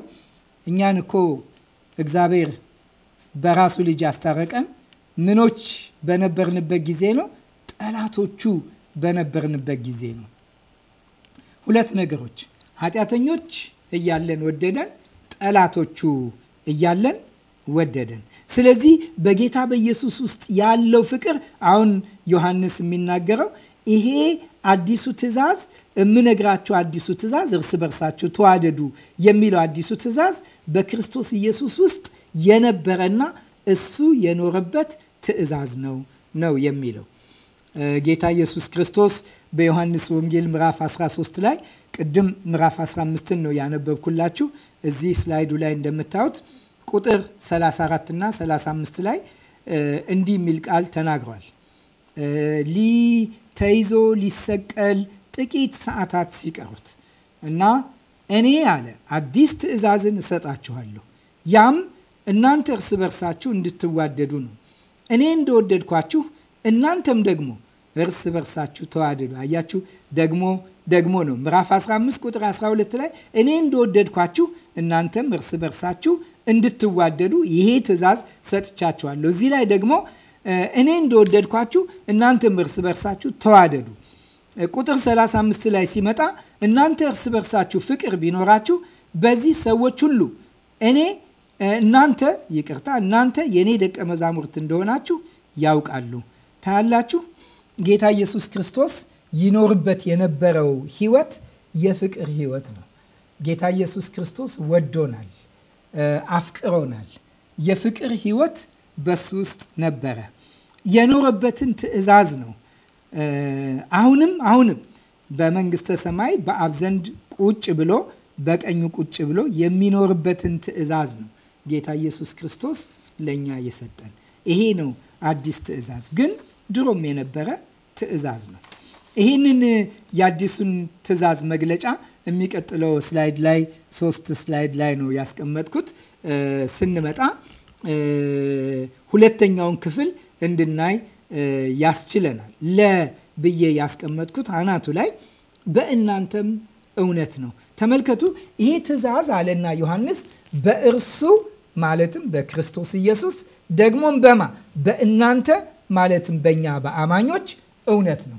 እኛን እኮ እግዚአብሔር በራሱ ልጅ አስታረቀን። ምኖች በነበርንበት ጊዜ ነው? ጠላቶቹ በነበርንበት ጊዜ ነው። ሁለት ነገሮች፣ ኃጢአተኞች እያለን ወደደን፣ ጠላቶቹ እያለን ወደደን። ስለዚህ በጌታ በኢየሱስ ውስጥ ያለው ፍቅር አሁን ዮሐንስ የሚናገረው ይሄ አዲሱ ትእዛዝ የምነግራችሁ አዲሱ ትእዛዝ እርስ በርሳችሁ ተዋደዱ የሚለው አዲሱ ትእዛዝ በክርስቶስ ኢየሱስ ውስጥ የነበረና እሱ የኖረበት ትእዛዝ ነው ነው የሚለው ጌታ ኢየሱስ ክርስቶስ በዮሐንስ ወንጌል ምዕራፍ 13 ላይ ቅድም ምዕራፍ 15ን ነው ያነበብኩላችሁ። እዚህ ስላይዱ ላይ እንደምታዩት ቁጥር 34 እና 35 ላይ እንዲህ የሚል ቃል ተናግሯል። ተይዞ ሊሰቀል ጥቂት ሰዓታት ሲቀሩት እና እኔ አለ አዲስ ትእዛዝን እሰጣችኋለሁ ያም እናንተ እርስ በርሳችሁ እንድትዋደዱ ነው። እኔ እንደወደድኳችሁ እናንተም ደግሞ እርስ በርሳችሁ ተዋደዱ። አያችሁ፣ ደግሞ ደግሞ ነው። ምዕራፍ 15 ቁጥር 12 ላይ እኔ እንደወደድኳችሁ እናንተም እርስ በርሳችሁ እንድትዋደዱ ይሄ ትእዛዝ ሰጥቻችኋለሁ። እዚህ ላይ ደግሞ እኔ እንደወደድኳችሁ እናንተም እርስ በርሳችሁ ተዋደዱ። ቁጥር 35 ላይ ሲመጣ እናንተ እርስ በርሳችሁ ፍቅር ቢኖራችሁ በዚህ ሰዎች ሁሉ እኔ እናንተ ይቅርታ እናንተ የእኔ ደቀ መዛሙርት እንደሆናችሁ ያውቃሉ። ታያላችሁ ጌታ ኢየሱስ ክርስቶስ ይኖርበት የነበረው ህይወት የፍቅር ህይወት ነው። ጌታ ኢየሱስ ክርስቶስ ወዶናል፣ አፍቅሮናል። የፍቅር ህይወት በሱ ውስጥ ነበረ። የኖረበትን ትእዛዝ ነው። አሁንም አሁንም በመንግስተ ሰማይ በአብ ዘንድ ቁጭ ብሎ በቀኙ ቁጭ ብሎ የሚኖርበትን ትእዛዝ ነው ጌታ ኢየሱስ ክርስቶስ ለእኛ የሰጠን። ይሄ ነው አዲስ ትእዛዝ፣ ግን ድሮም የነበረ ትእዛዝ ነው። ይህንን የአዲሱን ትእዛዝ መግለጫ የሚቀጥለው ስላይድ ላይ ሶስት ስላይድ ላይ ነው ያስቀመጥኩት ስንመጣ ሁለተኛውን ክፍል እንድናይ ያስችለናል። ለብዬ ያስቀመጥኩት አናቱ ላይ በእናንተም እውነት ነው። ተመልከቱ፣ ይሄ ትእዛዝ አለና ዮሐንስ በእርሱ ማለትም በክርስቶስ ኢየሱስ ደግሞም በማ በእናንተ ማለትም በእኛ በአማኞች እውነት ነው።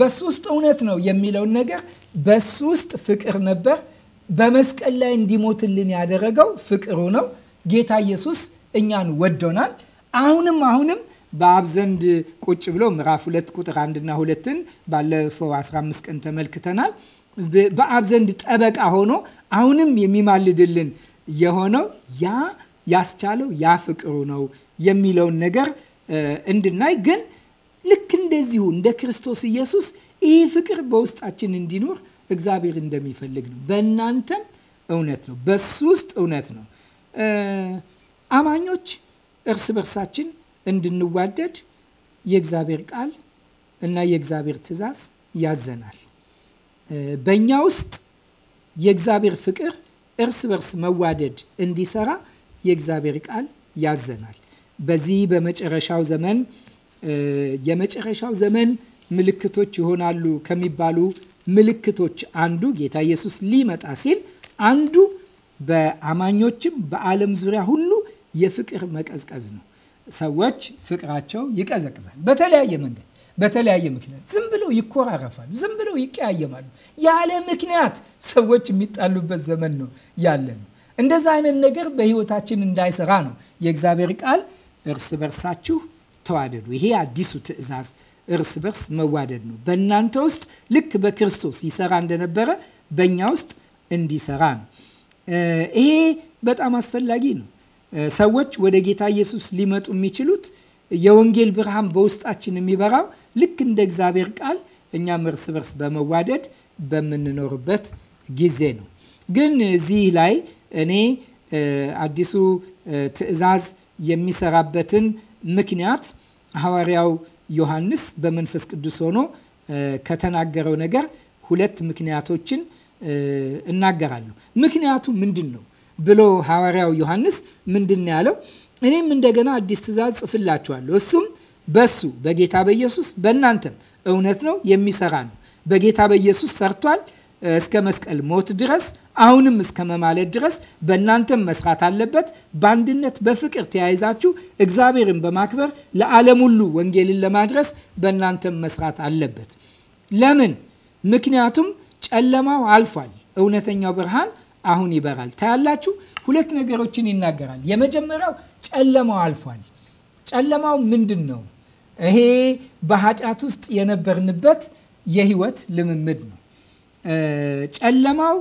በሱ ውስጥ እውነት ነው የሚለውን ነገር በሱ ውስጥ ፍቅር ነበር። በመስቀል ላይ እንዲሞትልን ያደረገው ፍቅሩ ነው። ጌታ ኢየሱስ እኛን ወዶናል። አሁንም አሁንም በአብ ዘንድ ቁጭ ብሎ ምዕራፍ ሁለት ቁጥር አንድና ሁለትን ባለፈው 15 ቀን ተመልክተናል። በአብ ዘንድ ጠበቃ ሆኖ አሁንም የሚማልድልን የሆነው ያ ያስቻለው ያ ፍቅሩ ነው የሚለውን ነገር እንድናይ ግን ልክ እንደዚሁ እንደ ክርስቶስ ኢየሱስ ይህ ፍቅር በውስጣችን እንዲኖር እግዚአብሔር እንደሚፈልግ ነው። በእናንተም እውነት ነው፣ በሱ ውስጥ እውነት ነው። አማኞች እርስ በርሳችን እንድንዋደድ የእግዚአብሔር ቃል እና የእግዚአብሔር ትእዛዝ ያዘናል። በእኛ ውስጥ የእግዚአብሔር ፍቅር እርስ በርስ መዋደድ እንዲሰራ የእግዚአብሔር ቃል ያዘናል። በዚህ በመጨረሻው ዘመን የመጨረሻው ዘመን ምልክቶች ይሆናሉ ከሚባሉ ምልክቶች አንዱ ጌታ ኢየሱስ ሊመጣ ሲል አንዱ በአማኞችም በዓለም ዙሪያ ሁሉ የፍቅር መቀዝቀዝ ነው። ሰዎች ፍቅራቸው ይቀዘቅዛል በተለያየ መንገድ በተለያየ ምክንያት ዝም ብለው ይኮራረፋሉ፣ ዝም ብለው ይቀያየማሉ። ያለ ምክንያት ሰዎች የሚጣሉበት ዘመን ነው ያለ ነው። እንደዛ አይነት ነገር በህይወታችን እንዳይሰራ ነው የእግዚአብሔር ቃል እርስ በርሳችሁ ተዋደዱ። ይሄ አዲሱ ትእዛዝ እርስ በርስ መዋደድ ነው። በእናንተ ውስጥ ልክ በክርስቶስ ይሰራ እንደነበረ በእኛ ውስጥ እንዲሰራ ነው። ይሄ በጣም አስፈላጊ ነው። ሰዎች ወደ ጌታ ኢየሱስ ሊመጡ የሚችሉት የወንጌል ብርሃን በውስጣችን የሚበራው ልክ እንደ እግዚአብሔር ቃል እኛም እርስ በርስ በመዋደድ በምንኖርበት ጊዜ ነው። ግን እዚህ ላይ እኔ አዲሱ ትእዛዝ የሚሰራበትን ምክንያት ሐዋርያው ዮሐንስ በመንፈስ ቅዱስ ሆኖ ከተናገረው ነገር ሁለት ምክንያቶችን እናገራለሁ። ምክንያቱ ምንድን ነው? ብሎ ሐዋርያው ዮሐንስ ምንድን ያለው? እኔም እንደገና አዲስ ትእዛዝ ጽፍላችኋለሁ። እሱም በሱ በጌታ በኢየሱስ በእናንተም እውነት ነው፣ የሚሰራ ነው። በጌታ በኢየሱስ ሰርቷል እስከ መስቀል ሞት ድረስ አሁንም እስከ መማለት ድረስ በእናንተም መስራት አለበት። በአንድነት በፍቅር ተያይዛችሁ እግዚአብሔርን በማክበር ለዓለም ሁሉ ወንጌልን ለማድረስ በእናንተም መስራት አለበት። ለምን? ምክንያቱም ጨለማው አልፏል፣ እውነተኛው ብርሃን አሁን ይበራል። ታያላችሁ። ሁለት ነገሮችን ይናገራል። የመጀመሪያው ጨለማው አልፏል። ጨለማው ምንድን ነው? ይሄ በኃጢአት ውስጥ የነበርንበት የህይወት ልምምድ ነው። ጨለማው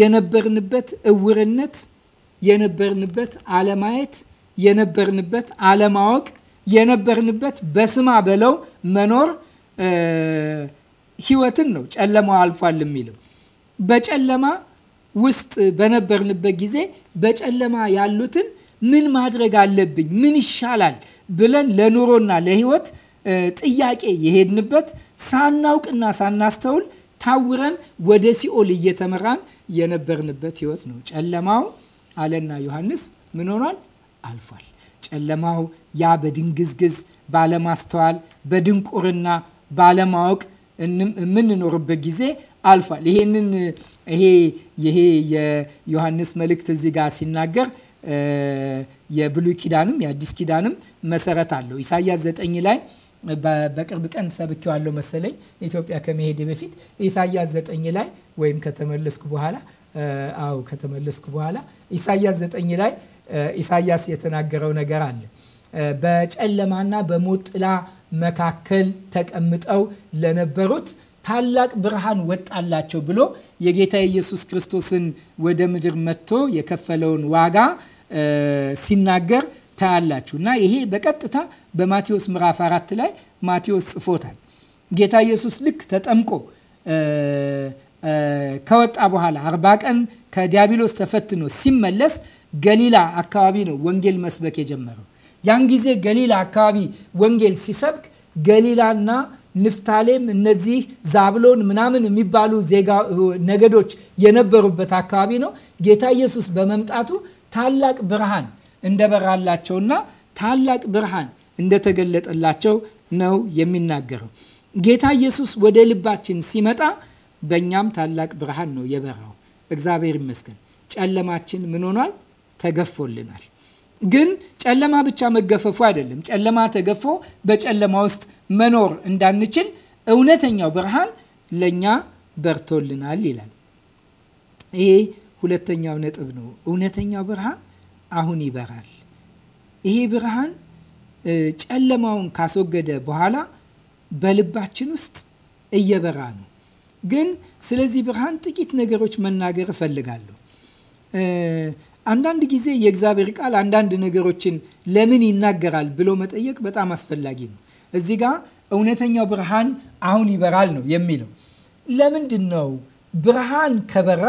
የነበርንበት እውርነት፣ የነበርንበት አለማየት፣ የነበርንበት አለማወቅ፣ የነበርንበት በስማ በለው መኖር ህይወትን ነው ጨለማው አልፏል የሚለው በጨለማ ውስጥ በነበርንበት ጊዜ በጨለማ ያሉትን ምን ማድረግ አለብኝ፣ ምን ይሻላል ብለን ለኑሮና ለህይወት ጥያቄ የሄድንበት ሳናውቅና ሳናስተውል ታውረን ወደ ሲኦል እየተመራን የነበርንበት ህይወት ነው። ጨለማው አለና ዮሐንስ ምን ሆኗል? አልፏል። ጨለማው ያ በድንግዝግዝ ባለማስተዋል፣ በድንቁርና ባለማወቅ የምንኖርበት ጊዜ አልፏል። ይሄንን ይሄ ይሄ የዮሐንስ መልእክት እዚህ ጋር ሲናገር የብሉይ ኪዳንም የአዲስ ኪዳንም መሰረት አለው። ኢሳያስ ዘጠኝ ላይ በቅርብ ቀን ሰብኬዋለሁ መሰለኝ ኢትዮጵያ ከመሄድ በፊት ኢሳያስ ዘጠኝ ላይ ወይም ከተመለስኩ በኋላ አው ከተመለስኩ በኋላ ኢሳያስ ዘጠኝ ላይ ኢሳያስ የተናገረው ነገር አለ። በጨለማና በሞት ጥላ መካከል ተቀምጠው ለነበሩት ታላቅ ብርሃን ወጣላቸው ብሎ የጌታ ኢየሱስ ክርስቶስን ወደ ምድር መጥቶ የከፈለውን ዋጋ ሲናገር ታያላችሁ እና ይሄ በቀጥታ በማቴዎስ ምዕራፍ አራት ላይ ማቴዎስ ጽፎታል። ጌታ ኢየሱስ ልክ ተጠምቆ ከወጣ በኋላ አርባ ቀን ከዲያብሎስ ተፈትኖ ሲመለስ ገሊላ አካባቢ ነው ወንጌል መስበክ የጀመረው። ያን ጊዜ ገሊላ አካባቢ ወንጌል ሲሰብክ ገሊላና ንፍታሌም፣ እነዚህ ዛብሎን ምናምን የሚባሉ ዜጋ ነገዶች የነበሩበት አካባቢ ነው። ጌታ ኢየሱስ በመምጣቱ ታላቅ ብርሃን እንደበራላቸውና ታላቅ ብርሃን እንደተገለጠላቸው ነው የሚናገረው። ጌታ ኢየሱስ ወደ ልባችን ሲመጣ በእኛም ታላቅ ብርሃን ነው የበራው። እግዚአብሔር ይመስገን። ጨለማችን ምን ሆኗል? ተገፎልናል። ግን ጨለማ ብቻ መገፈፉ አይደለም። ጨለማ ተገፎ በጨለማ ውስጥ መኖር እንዳንችል እውነተኛው ብርሃን ለእኛ በርቶልናል ይላል። ይሄ ሁለተኛው ነጥብ ነው። እውነተኛው ብርሃን አሁን ይበራል። ይሄ ብርሃን ጨለማውን ካስወገደ በኋላ በልባችን ውስጥ እየበራ ነው። ግን ስለዚህ ብርሃን ጥቂት ነገሮች መናገር እፈልጋለሁ። አንዳንድ ጊዜ የእግዚአብሔር ቃል አንዳንድ ነገሮችን ለምን ይናገራል ብሎ መጠየቅ በጣም አስፈላጊ ነው። እዚህ ጋ እውነተኛው ብርሃን አሁን ይበራል ነው የሚለው። ለምንድን ነው ብርሃን ከበራ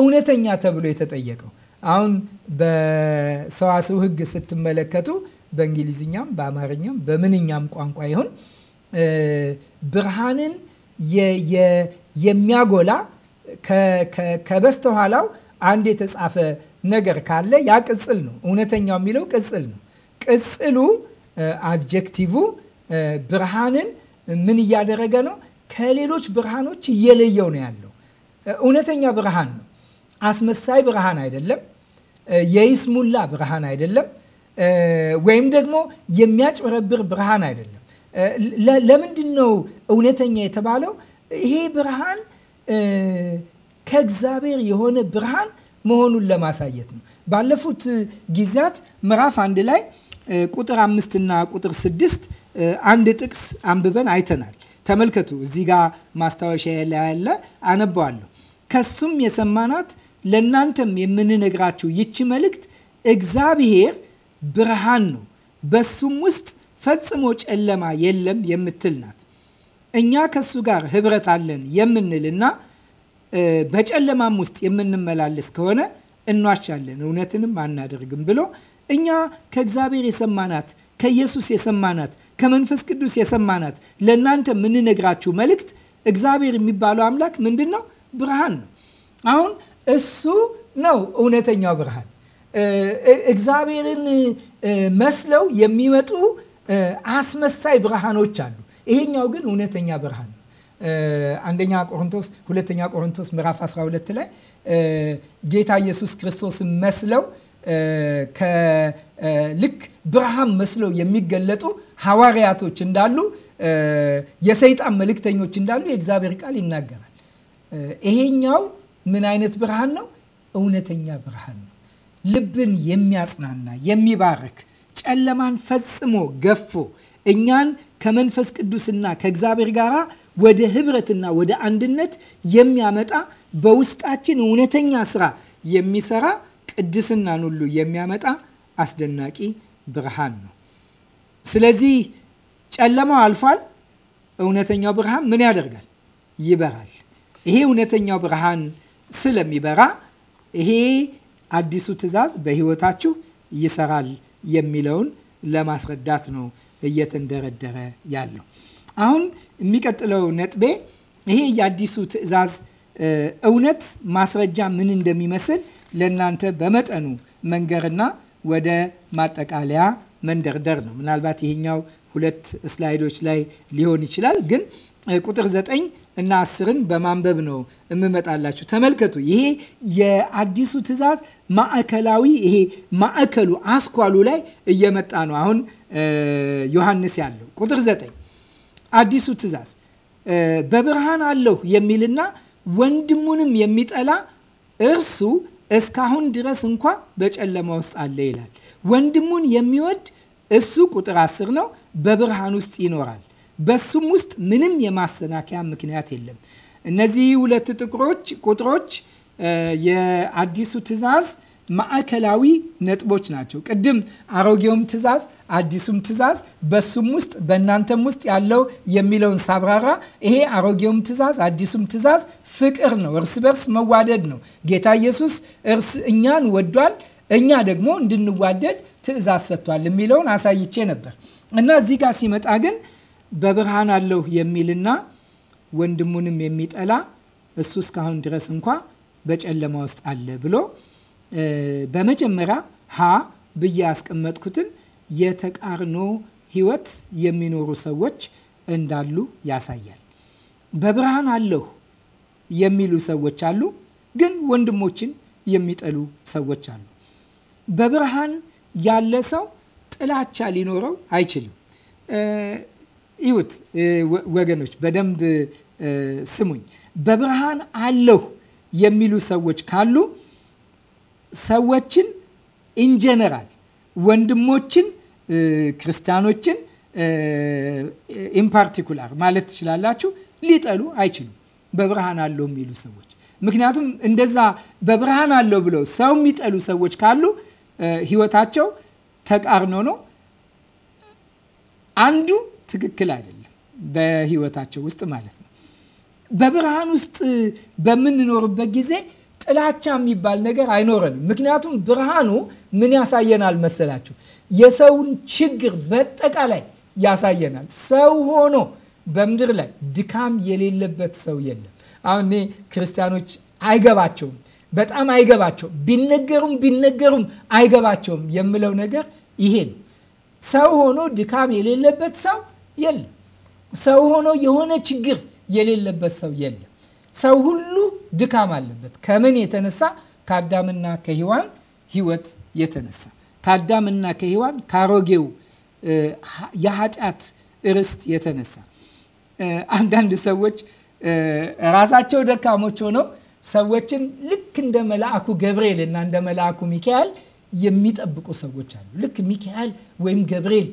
እውነተኛ ተብሎ የተጠየቀው? አሁን በሰዋስው ሕግ ስትመለከቱ በእንግሊዝኛም በአማርኛም በምንኛም ቋንቋ ይሁን ብርሃንን የሚያጎላ ከበስተኋላው አንድ የተጻፈ ነገር ካለ ያ ቅጽል ነው። እውነተኛው የሚለው ቅጽል ነው። ቅጽሉ አድጀክቲቭ ብርሃንን ምን እያደረገ ነው? ከሌሎች ብርሃኖች እየለየው ነው ያለው። እውነተኛ ብርሃን ነው። አስመሳይ ብርሃን አይደለም። የይስሙላ ብርሃን አይደለም። ወይም ደግሞ የሚያጭበረብር ብርሃን አይደለም። ለምንድን ነው እውነተኛ የተባለው? ይሄ ብርሃን ከእግዚአብሔር የሆነ ብርሃን መሆኑን ለማሳየት ነው። ባለፉት ጊዜያት ምዕራፍ አንድ ላይ ቁጥር አምስት እና ቁጥር ስድስት አንድ ጥቅስ አንብበን አይተናል። ተመልከቱ። እዚህ ጋር ማስታወሻ ላይ ያለ አነባዋለሁ። ከሱም የሰማናት ለእናንተም የምንነግራችሁ ይቺ መልእክት እግዚአብሔር ብርሃን ነው፣ በሱም ውስጥ ፈጽሞ ጨለማ የለም የምትል ናት። እኛ ከሱ ጋር ህብረት አለን የምንልና በጨለማም ውስጥ የምንመላለስ ከሆነ እንዋሻለን፣ እውነትንም አናደርግም ብሎ እኛ ከእግዚአብሔር የሰማናት ከኢየሱስ የሰማናት ከመንፈስ ቅዱስ የሰማናት ለእናንተ የምንነግራችሁ መልእክት እግዚአብሔር የሚባለው አምላክ ምንድን ነው? ብርሃን ነው። አሁን እሱ ነው እውነተኛው ብርሃን። እግዚአብሔርን መስለው የሚመጡ አስመሳይ ብርሃኖች አሉ። ይሄኛው ግን እውነተኛ ብርሃን አንደኛ ቆሮንቶስ ሁለተኛ ቆሮንቶስ ምዕራፍ 12 ላይ ጌታ ኢየሱስ ክርስቶስ መስለው ልክ ብርሃን መስለው የሚገለጡ ሐዋርያቶች እንዳሉ የሰይጣን መልእክተኞች እንዳሉ የእግዚአብሔር ቃል ይናገራል። ይሄኛው ምን አይነት ብርሃን ነው? እውነተኛ ብርሃን ነው። ልብን የሚያጽናና የሚባርክ ጨለማን ፈጽሞ ገፎ እኛን ከመንፈስ ቅዱስና ከእግዚአብሔር ጋር ወደ ህብረትና ወደ አንድነት የሚያመጣ በውስጣችን እውነተኛ ስራ የሚሰራ ቅድስናን ሁሉ የሚያመጣ አስደናቂ ብርሃን ነው። ስለዚህ ጨለማው አልፏል። እውነተኛው ብርሃን ምን ያደርጋል? ይበራል። ይሄ እውነተኛው ብርሃን ስለሚበራ ይሄ አዲሱ ትእዛዝ በህይወታችሁ ይሰራል የሚለውን ለማስረዳት ነው። እየተንደረደረ ያለው። አሁን የሚቀጥለው ነጥቤ ይሄ የአዲሱ ትእዛዝ እውነት ማስረጃ ምን እንደሚመስል ለእናንተ በመጠኑ መንገርና ወደ ማጠቃለያ መንደርደር ነው። ምናልባት ይሄኛው ሁለት ስላይዶች ላይ ሊሆን ይችላል፣ ግን ቁጥር ዘጠኝ እና አስርን በማንበብ ነው የምመጣላችሁ። ተመልከቱ፣ ይሄ የአዲሱ ትእዛዝ ማዕከላዊ ይሄ ማዕከሉ አስኳሉ ላይ እየመጣ ነው። አሁን ዮሐንስ ያለው ቁጥር ዘጠኝ አዲሱ ትእዛዝ በብርሃን አለሁ የሚልና ወንድሙንም የሚጠላ እርሱ እስካሁን ድረስ እንኳ በጨለማ ውስጥ አለ ይላል። ወንድሙን የሚወድ እሱ ቁጥር አስር ነው፣ በብርሃን ውስጥ ይኖራል በሱም ውስጥ ምንም የማሰናከያ ምክንያት የለም። እነዚህ ሁለት ጥቁሮች ቁጥሮች የአዲሱ ትእዛዝ ማዕከላዊ ነጥቦች ናቸው። ቅድም አሮጌውም ትእዛዝ አዲሱም ትእዛዝ በሱም ውስጥ በእናንተም ውስጥ ያለው የሚለውን ሳብራራ ይሄ አሮጌውም ትእዛዝ አዲሱም ትእዛዝ ፍቅር ነው፣ እርስ በርስ መዋደድ ነው። ጌታ ኢየሱስ እርስ እኛን ወዷል፣ እኛ ደግሞ እንድንዋደድ ትእዛዝ ሰጥቷል የሚለውን አሳይቼ ነበር እና እዚህ ጋር ሲመጣ ግን በብርሃን አለሁ የሚልና ወንድሙንም የሚጠላ እሱ እስካሁን ድረስ እንኳ በጨለማ ውስጥ አለ ብሎ በመጀመሪያ ሀ ብዬ ያስቀመጥኩትን የተቃርኖ ህይወት የሚኖሩ ሰዎች እንዳሉ ያሳያል። በብርሃን አለሁ የሚሉ ሰዎች አሉ፣ ግን ወንድሞችን የሚጠሉ ሰዎች አሉ። በብርሃን ያለ ሰው ጥላቻ ሊኖረው አይችልም። ይሁት ወገኖች፣ በደንብ ስሙኝ። በብርሃን አለሁ የሚሉ ሰዎች ካሉ ሰዎችን ኢንጀነራል ወንድሞችን ክርስቲያኖችን ኢምፓርቲኩላር ማለት ትችላላችሁ ሊጠሉ አይችሉም። በብርሃን አለው የሚሉ ሰዎች ምክንያቱም እንደዛ በብርሃን አለው ብለው ሰው የሚጠሉ ሰዎች ካሉ ህይወታቸው ተቃርኖ ነው። አንዱ ትክክል አይደለም። በህይወታቸው ውስጥ ማለት ነው። በብርሃን ውስጥ በምንኖርበት ጊዜ ጥላቻ የሚባል ነገር አይኖረንም። ምክንያቱም ብርሃኑ ምን ያሳየናል መሰላችሁ? የሰውን ችግር በጠቃላይ ያሳየናል። ሰው ሆኖ በምድር ላይ ድካም የሌለበት ሰው የለም። አሁን እኔ ክርስቲያኖች አይገባቸውም፣ በጣም አይገባቸውም፣ ቢነገሩም ቢነገሩም አይገባቸውም የምለው ነገር ይሄ ነው። ሰው ሆኖ ድካም የሌለበት ሰው የለም። ሰው ሆኖ የሆነ ችግር የሌለበት ሰው የለም። ሰው ሁሉ ድካም አለበት። ከምን የተነሳ? ከአዳምና ከሔዋን ህይወት የተነሳ ከአዳምና ከሔዋን ከአሮጌው የኃጢአት ርስት የተነሳ አንዳንድ ሰዎች ራሳቸው ደካሞች ሆነው ሰዎችን ልክ እንደ መልአኩ ገብርኤል እና እንደ መልአኩ ሚካኤል የሚጠብቁ ሰዎች አሉ። ልክ ሚካኤል ወይም ገብርኤል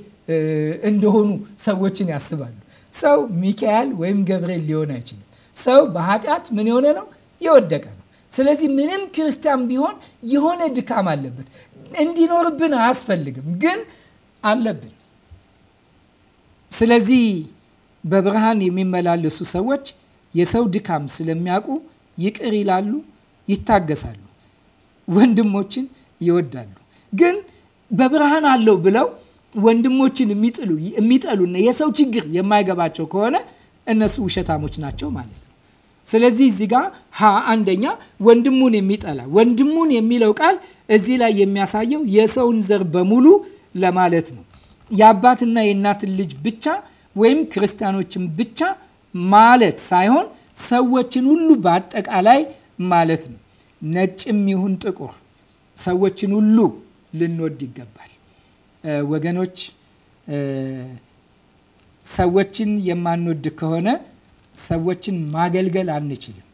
እንደሆኑ ሰዎችን ያስባሉ። ሰው ሚካኤል ወይም ገብርኤል ሊሆን አይችልም። ሰው በኃጢአት ምን የሆነ ነው የወደቀ ነው። ስለዚህ ምንም ክርስቲያን ቢሆን የሆነ ድካም አለበት። እንዲኖርብን አያስፈልግም፣ ግን አለብን። ስለዚህ በብርሃን የሚመላለሱ ሰዎች የሰው ድካም ስለሚያውቁ ይቅር ይላሉ፣ ይታገሳሉ፣ ወንድሞችን ይወዳሉ። ግን በብርሃን አለው ብለው ወንድሞችን የሚጥሉ የሚጠሉና የሰው ችግር የማይገባቸው ከሆነ እነሱ ውሸታሞች ናቸው ማለት ነው። ስለዚህ እዚህ ጋር ሀ አንደኛ ወንድሙን የሚጠላ ወንድሙን የሚለው ቃል እዚህ ላይ የሚያሳየው የሰውን ዘር በሙሉ ለማለት ነው። የአባትና የእናትን ልጅ ብቻ ወይም ክርስቲያኖችን ብቻ ማለት ሳይሆን ሰዎችን ሁሉ በአጠቃላይ ማለት ነው። ነጭም ይሁን ጥቁር ሰዎችን ሁሉ ልንወድ ይገባል። ወገኖች ሰዎችን የማንወድ ከሆነ ሰዎችን ማገልገል አንችልም።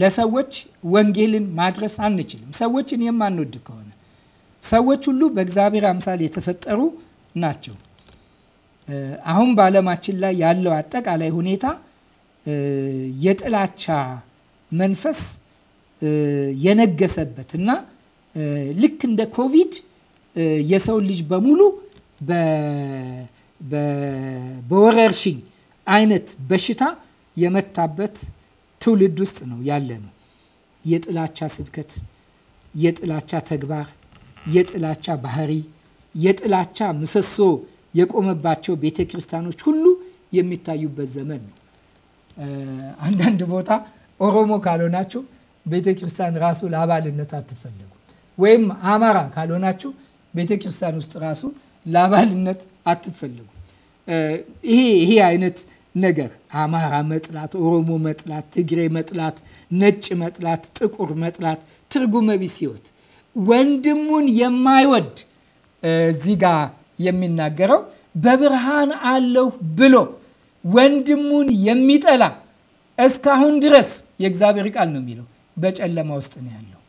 ለሰዎች ወንጌልን ማድረስ አንችልም። ሰዎችን የማንወድ ከሆነ ሰዎች ሁሉ በእግዚአብሔር አምሳል የተፈጠሩ ናቸው። አሁን በዓለማችን ላይ ያለው አጠቃላይ ሁኔታ የጥላቻ መንፈስ የነገሰበት እና ልክ እንደ ኮቪድ የሰው ልጅ በሙሉ በወረርሽኝ አይነት በሽታ የመታበት ትውልድ ውስጥ ነው ያለ ነው። የጥላቻ ስብከት፣ የጥላቻ ተግባር፣ የጥላቻ ባህሪ፣ የጥላቻ ምሰሶ የቆመባቸው ቤተ ክርስቲያኖች ሁሉ የሚታዩበት ዘመን ነው። አንዳንድ ቦታ ኦሮሞ ካልሆናችሁ ቤተ ክርስቲያን ራሱ ለአባልነት አትፈለጉ ወይም አማራ ካልሆናችሁ ቤተ ክርስቲያን ውስጥ ራሱ ለአባልነት አትፈልጉ። ይሄ ይሄ አይነት ነገር አማራ መጥላት፣ ኦሮሞ መጥላት፣ ትግሬ መጥላት፣ ነጭ መጥላት፣ ጥቁር መጥላት ትርጉመ ቢስ ሕይወት ወንድሙን የማይወድ እዚህ ጋ የሚናገረው በብርሃን አለሁ ብሎ ወንድሙን የሚጠላ እስካሁን ድረስ የእግዚአብሔር ቃል ነው የሚለው በጨለማ ውስጥ ነው ያለው።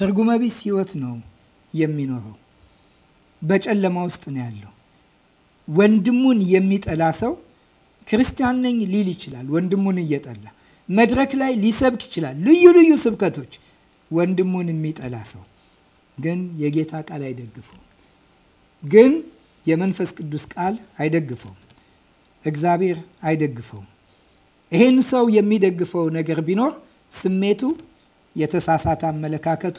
ትርጉመ ቢስ ሕይወት ነው የሚኖረው። በጨለማ ውስጥ ነው ያለው። ወንድሙን የሚጠላ ሰው ክርስቲያን ነኝ ሊል ይችላል። ወንድሙን እየጠላ መድረክ ላይ ሊሰብክ ይችላል። ልዩ ልዩ ስብከቶች። ወንድሙን የሚጠላ ሰው ግን የጌታ ቃል አይደግፈውም። ግን የመንፈስ ቅዱስ ቃል አይደግፈውም። እግዚአብሔር አይደግፈውም። ይህን ሰው የሚደግፈው ነገር ቢኖር ስሜቱ፣ የተሳሳተ አመለካከቱ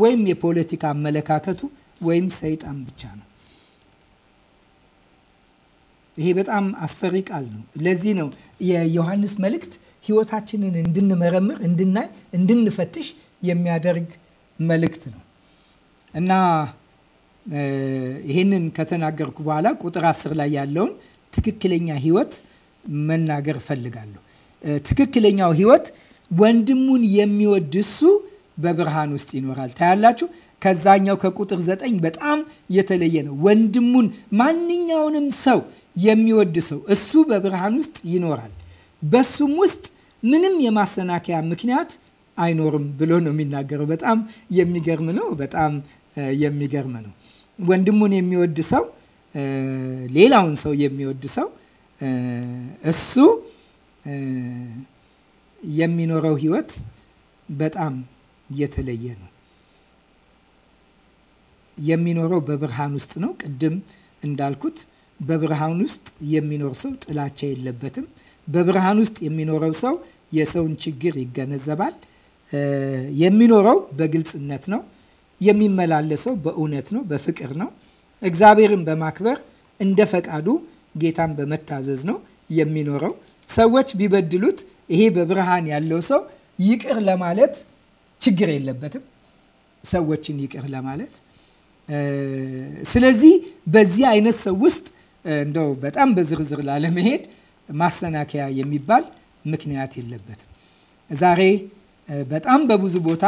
ወይም የፖለቲካ አመለካከቱ ወይም ሰይጣን ብቻ ነው። ይሄ በጣም አስፈሪ ቃል ነው። ለዚህ ነው የዮሐንስ መልእክት ህይወታችንን እንድንመረምር፣ እንድናይ፣ እንድንፈትሽ የሚያደርግ መልእክት ነው እና ይህንን ከተናገርኩ በኋላ ቁጥር አስር ላይ ያለውን ትክክለኛ ህይወት መናገር እፈልጋለሁ። ትክክለኛው ህይወት ወንድሙን የሚወድ እሱ በብርሃን ውስጥ ይኖራል። ታያላችሁ። ከዛኛው ከቁጥር ዘጠኝ በጣም የተለየ ነው። ወንድሙን ማንኛውንም ሰው የሚወድ ሰው እሱ በብርሃን ውስጥ ይኖራል፣ በሱም ውስጥ ምንም የማሰናከያ ምክንያት አይኖርም ብሎ ነው የሚናገረው። በጣም የሚገርም ነው። በጣም የሚገርም ነው። ወንድሙን የሚወድ ሰው ሌላውን ሰው የሚወድ ሰው እሱ የሚኖረው ህይወት በጣም የተለየ ነው። የሚኖረው በብርሃን ውስጥ ነው። ቅድም እንዳልኩት በብርሃን ውስጥ የሚኖር ሰው ጥላቻ የለበትም። በብርሃን ውስጥ የሚኖረው ሰው የሰውን ችግር ይገነዘባል። የሚኖረው በግልጽነት ነው። የሚመላለሰው በእውነት ነው፣ በፍቅር ነው። እግዚአብሔርን በማክበር እንደ ፈቃዱ ጌታን በመታዘዝ ነው የሚኖረው። ሰዎች ቢበድሉት ይሄ በብርሃን ያለው ሰው ይቅር ለማለት ችግር የለበትም ሰዎችን ይቅር ለማለት። ስለዚህ በዚህ አይነት ሰው ውስጥ እንደው በጣም በዝርዝር ላለመሄድ ማሰናከያ የሚባል ምክንያት የለበትም። ዛሬ በጣም በብዙ ቦታ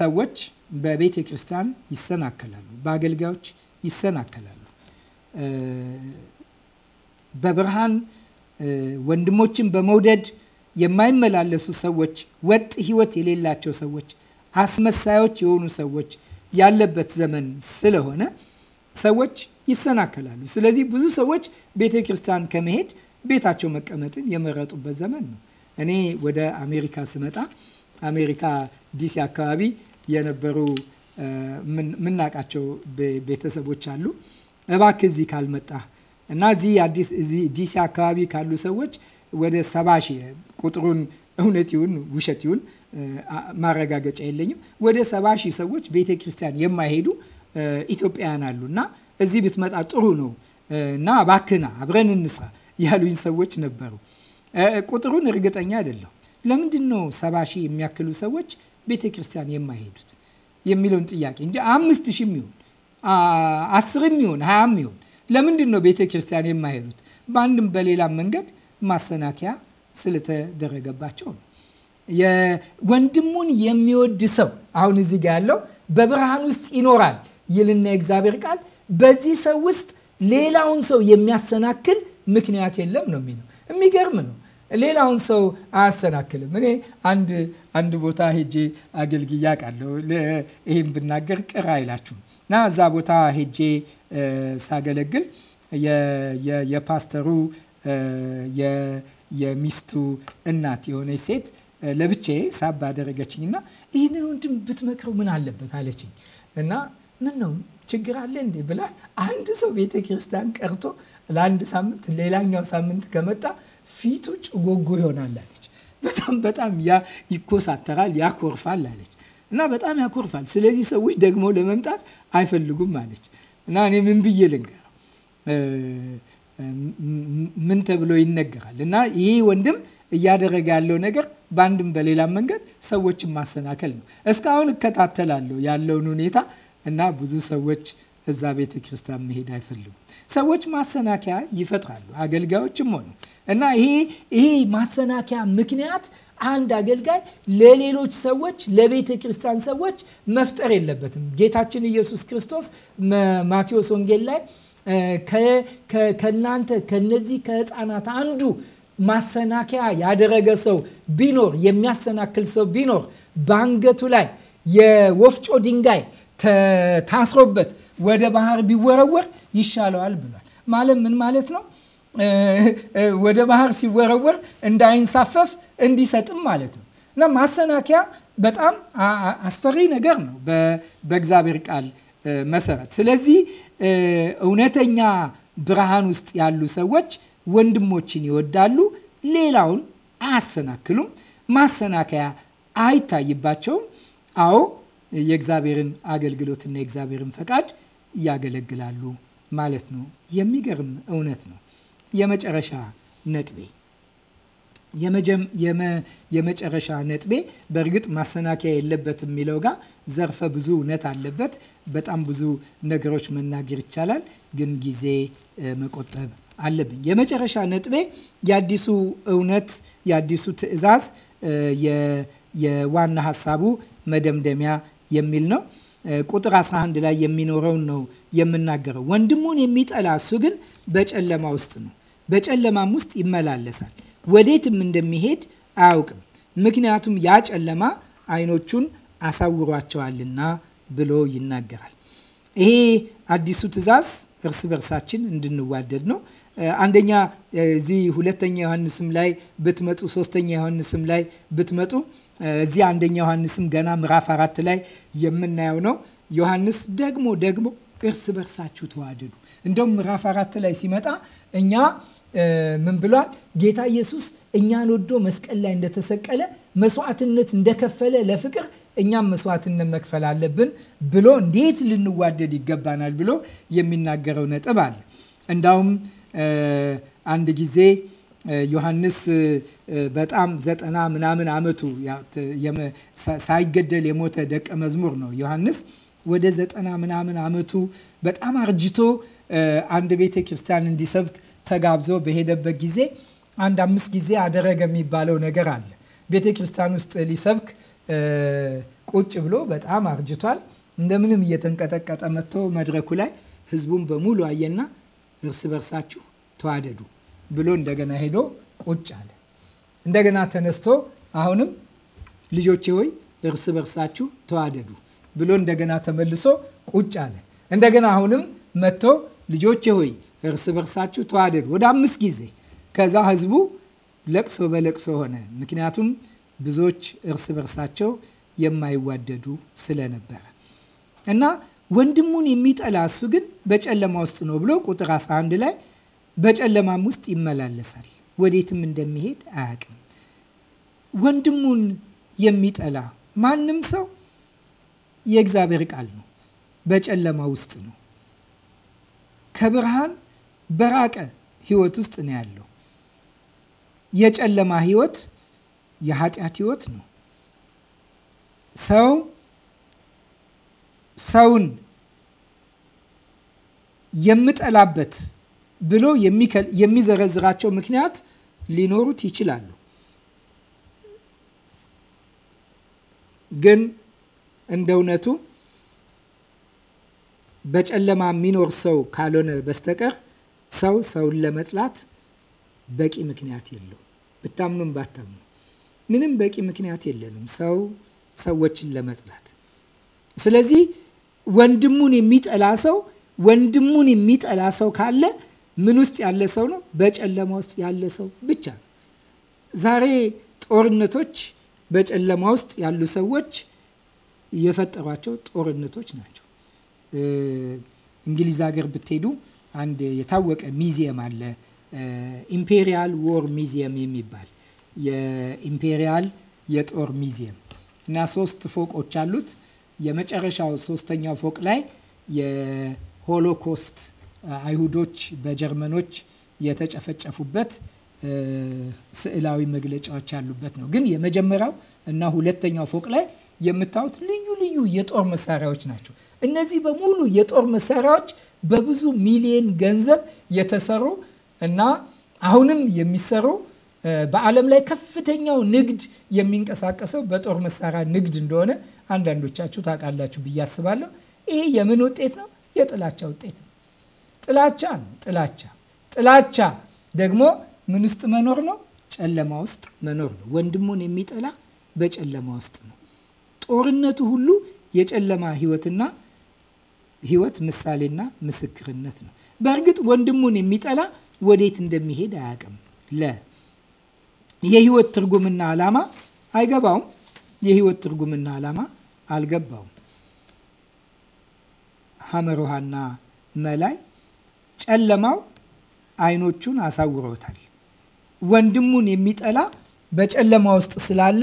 ሰዎች በቤተ ክርስቲያን ይሰናከላሉ፣ በአገልጋዮች ይሰናከላሉ። በብርሃን ወንድሞችን በመውደድ የማይመላለሱ ሰዎች፣ ወጥ ህይወት የሌላቸው ሰዎች፣ አስመሳዮች የሆኑ ሰዎች ያለበት ዘመን ስለሆነ ሰዎች ይሰናከላሉ። ስለዚህ ብዙ ሰዎች ቤተ ክርስቲያን ከመሄድ ቤታቸው መቀመጥን የመረጡበት ዘመን ነው። እኔ ወደ አሜሪካ ስመጣ አሜሪካ ዲሲ አካባቢ የነበሩ ምናቃቸው ቤተሰቦች አሉ። እባክህ እዚህ ካልመጣ እና እዚህ ዲሲ አካባቢ ካሉ ሰዎች ወደ ሰባ ሺህ ቁጥሩን እውነት ይሁን ውሸት ይሁን ማረጋገጫ የለኝም። ወደ ሰባ ሺህ ሰዎች ቤተ ክርስቲያን የማይሄዱ ኢትዮጵያውያን አሉ እና እዚህ ብትመጣ ጥሩ ነው እና ባክና አብረን እንስራ ያሉኝ ሰዎች ነበሩ። ቁጥሩን እርግጠኛ አይደለሁ። ለምንድን ነው ሰባ ሺህ የሚያክሉ ሰዎች ቤተ ክርስቲያን የማይሄዱት የሚለውን ጥያቄ እንጂ አምስት ሺህም ይሁን አስርም ይሁን ሀያም ይሁን ለምንድን ነው ቤተ ክርስቲያን የማይሄዱት? በአንድም በሌላም መንገድ ማሰናከያ ስለተደረገባቸው ነው። ወንድሙን የሚወድ ሰው አሁን እዚህ ጋር ያለው በብርሃን ውስጥ ይኖራል ይልና የእግዚአብሔር ቃል በዚህ ሰው ውስጥ ሌላውን ሰው የሚያሰናክል ምክንያት የለም ነው የሚለው። የሚገርም ነው። ሌላውን ሰው አያሰናክልም። እኔ አንድ አንድ ቦታ ሄጄ አገልግያ ቃለሁ። ይህም ብናገር ቅር አይላችሁም እና እዛ ቦታ ሄጄ ሳገለግል የፓስተሩ የሚስቱ እናት የሆነች ሴት ለብቻዬ ሳብ አደረገችኝ እና ይህንን ወንድም ብትመክረው ምን አለበት አለችኝ እና ምን ነው ችግር አለ እንዴ ብላ አንድ ሰው ቤተ ክርስቲያን ቀርቶ ለአንድ ሳምንት ሌላኛው ሳምንት ከመጣ ፊቱ ጭጎጎ ይሆናል አለች። በጣም በጣም ይኮሳተራል፣ ያኮርፋል አለች እና በጣም ያኮርፋል። ስለዚህ ሰዎች ደግሞ ለመምጣት አይፈልጉም አለች እና እኔ ምን ብዬ ልንገረው ምን ተብሎ ይነገራል? እና ይህ ወንድም እያደረገ ያለው ነገር በአንድም በሌላም መንገድ ሰዎችን ማሰናከል ነው። እስካሁን እከታተላለሁ ያለውን ሁኔታ እና ብዙ ሰዎች እዛ ቤተ ክርስቲያን መሄድ አይፈልጉም። ሰዎች ማሰናከያ ይፈጥራሉ፣ አገልጋዮችም ሆኑ እና ይሄ ይሄ ማሰናከያ ምክንያት አንድ አገልጋይ ለሌሎች ሰዎች ለቤተ ክርስቲያን ሰዎች መፍጠር የለበትም። ጌታችን ኢየሱስ ክርስቶስ ማቴዎስ ወንጌል ላይ ከእናንተ ከነዚህ ከህፃናት አንዱ ማሰናከያ ያደረገ ሰው ቢኖር የሚያሰናክል ሰው ቢኖር በአንገቱ ላይ የወፍጮ ድንጋይ ታስሮበት ወደ ባህር ቢወረወር ይሻለዋል ብሏል። ማለት ምን ማለት ነው? ወደ ባህር ሲወረወር እንዳይንሳፈፍ እንዲሰጥም ማለት ነው። እና ማሰናከያ በጣም አስፈሪ ነገር ነው በእግዚአብሔር ቃል መሰረት። ስለዚህ እውነተኛ ብርሃን ውስጥ ያሉ ሰዎች ወንድሞችን ይወዳሉ፣ ሌላውን አያሰናክሉም፣ ማሰናከያ አይታይባቸውም። አዎ የእግዚአብሔርን አገልግሎትና የእግዚአብሔርን ፈቃድ ያገለግላሉ ማለት ነው። የሚገርም እውነት ነው። የመጨረሻ ነጥቤ የመጨረሻ ነጥቤ በእርግጥ ማሰናከያ የለበት የሚለው ጋር ዘርፈ ብዙ እውነት አለበት። በጣም ብዙ ነገሮች መናገር ይቻላል፣ ግን ጊዜ መቆጠብ አለብኝ። የመጨረሻ ነጥቤ የአዲሱ እውነት የአዲሱ ትዕዛዝ የዋና ሀሳቡ መደምደሚያ የሚል ነው። ቁጥር 11 ላይ የሚኖረውን ነው የምናገረው። ወንድሙን የሚጠላ እሱ ግን በጨለማ ውስጥ ነው፣ በጨለማም ውስጥ ይመላለሳል ወዴትም እንደሚሄድ አያውቅም፣ ምክንያቱም ያ ጨለማ አይኖቹን አሳውሯቸዋልና ብሎ ይናገራል። ይሄ አዲሱ ትእዛዝ እርስ በርሳችን እንድንዋደድ ነው። አንደኛ እዚህ ሁለተኛ ዮሐንስም ላይ ብትመጡ ሶስተኛ ዮሐንስም ላይ ብትመጡ እዚህ አንደኛ ዮሐንስም ገና ምዕራፍ አራት ላይ የምናየው ነው። ዮሐንስ ደግሞ ደግሞ እርስ በርሳችሁ ተዋደዱ። እንደውም ምዕራፍ አራት ላይ ሲመጣ እኛ ምን ብሏል? ጌታ ኢየሱስ እኛን ወዶ መስቀል ላይ እንደተሰቀለ መስዋዕትነት እንደከፈለ ለፍቅር እኛም መስዋዕትነት መክፈል አለብን ብሎ እንዴት ልንዋደድ ይገባናል ብሎ የሚናገረው ነጥብ አለ። እንዳውም አንድ ጊዜ ዮሐንስ በጣም ዘጠና ምናምን ዓመቱ ሳይገደል የሞተ ደቀ መዝሙር ነው። ዮሐንስ ወደ ዘጠና ምናምን ዓመቱ በጣም አርጅቶ አንድ ቤተ ክርስቲያን እንዲሰብክ ተጋብዞ በሄደበት ጊዜ አንድ አምስት ጊዜ አደረገ የሚባለው ነገር አለ። ቤተ ክርስቲያን ውስጥ ሊሰብክ ቁጭ ብሎ በጣም አርጅቷል። እንደምንም እየተንቀጠቀጠ መጥቶ መድረኩ ላይ ህዝቡን በሙሉ አየና እርስ በርሳችሁ ተዋደዱ ብሎ እንደገና ሄዶ ቁጭ አለ። እንደገና ተነስቶ አሁንም ልጆቼ ሆይ እርስ በርሳችሁ ተዋደዱ ብሎ እንደገና ተመልሶ ቁጭ አለ። እንደገና አሁንም መጥቶ ልጆቼ ሆይ እርስ በርሳችሁ ተዋደዱ ወደ አምስት ጊዜ። ከዛ ህዝቡ ለቅሶ በለቅሶ ሆነ፣ ምክንያቱም ብዙዎች እርስ በርሳቸው የማይዋደዱ ስለነበረ እና ወንድሙን የሚጠላ እሱ ግን በጨለማ ውስጥ ነው ብሎ ቁጥር 11 ላይ በጨለማም ውስጥ ይመላለሳል፣ ወዴትም እንደሚሄድ አያውቅም። ወንድሙን የሚጠላ ማንም ሰው የእግዚአብሔር ቃል ነው፣ በጨለማ ውስጥ ነው። ከብርሃን በራቀ ህይወት ውስጥ ነው ያለው። የጨለማ ህይወት የኃጢአት ህይወት ነው። ሰው ሰውን የምጠላበት ብሎ የሚዘረዝራቸው ምክንያት ሊኖሩት ይችላሉ። ግን እንደ እውነቱ በጨለማ የሚኖር ሰው ካልሆነ በስተቀር ሰው ሰውን ለመጥላት በቂ ምክንያት የለውም። ብታምኑም ባታምኑ ምንም በቂ ምክንያት የለንም ሰው ሰዎችን ለመጥላት። ስለዚህ ወንድሙን የሚጠላ ሰው ወንድሙን የሚጠላ ሰው ካለ ምን ውስጥ ያለ ሰው ነው? በጨለማ ውስጥ ያለ ሰው ብቻ ነው። ዛሬ ጦርነቶች በጨለማ ውስጥ ያሉ ሰዎች የፈጠሯቸው ጦርነቶች ናቸው። እንግሊዝ ሀገር ብትሄዱ አንድ የታወቀ ሚዚየም አለ። ኢምፔሪያል ዎር ሚዚየም የሚባል የኢምፔሪያል የጦር ሚዚየም እና ሶስት ፎቆች አሉት። የመጨረሻው ሶስተኛው ፎቅ ላይ የሆሎኮስት አይሁዶች በጀርመኖች የተጨፈጨፉበት ስዕላዊ መግለጫዎች ያሉበት ነው። ግን የመጀመሪያው እና ሁለተኛው ፎቅ ላይ የምታዩት ልዩ ልዩ የጦር መሳሪያዎች ናቸው። እነዚህ በሙሉ የጦር መሳሪያዎች በብዙ ሚሊየን ገንዘብ የተሰሩ እና አሁንም የሚሰሩ በዓለም ላይ ከፍተኛው ንግድ የሚንቀሳቀሰው በጦር መሳሪያ ንግድ እንደሆነ አንዳንዶቻችሁ ታውቃላችሁ ብዬ አስባለሁ። ይሄ የምን ውጤት ነው? የጥላቻ ውጤት ነው። ጥላቻ ነው። ጥላቻ ጥላቻ ደግሞ ምን ውስጥ መኖር ነው? ጨለማ ውስጥ መኖር ነው። ወንድሙን የሚጠላ በጨለማ ውስጥ ነው። ጦርነቱ ሁሉ የጨለማ ህይወትና ህይወት ምሳሌና ምስክርነት ነው። በእርግጥ ወንድሙን የሚጠላ ወዴት እንደሚሄድ አያውቅም። ለ የህይወት ትርጉምና ዓላማ አይገባውም። የህይወት ትርጉምና ዓላማ አልገባውም። ውሃና መላይ ጨለማው አይኖቹን አሳውረውታል። ወንድሙን የሚጠላ በጨለማ ውስጥ ስላለ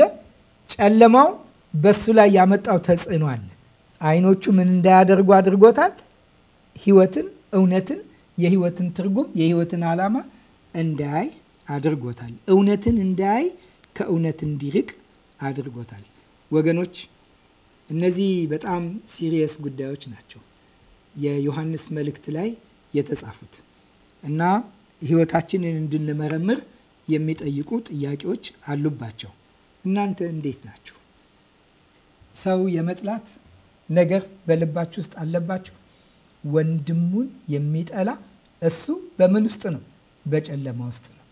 ጨለማው በሱ ላይ ያመጣው ተጽዕኖ አለ። አይኖቹ ምን እንዳያደርጉ አድርጎታል? ህይወትን፣ እውነትን፣ የህይወትን ትርጉም፣ የህይወትን ዓላማ እንዳያይ አድርጎታል። እውነትን እንዳያይ ከእውነት እንዲርቅ አድርጎታል። ወገኖች እነዚህ በጣም ሲሪየስ ጉዳዮች ናቸው የዮሐንስ መልእክት ላይ የተጻፉት እና ህይወታችንን እንድንመረምር የሚጠይቁ ጥያቄዎች አሉባቸው። እናንተ እንዴት ናችሁ? ሰው የመጥላት ነገር በልባችሁ ውስጥ አለባችሁ? ወንድሙን የሚጠላ እሱ በምን ውስጥ ነው? በጨለማ ውስጥ ነው።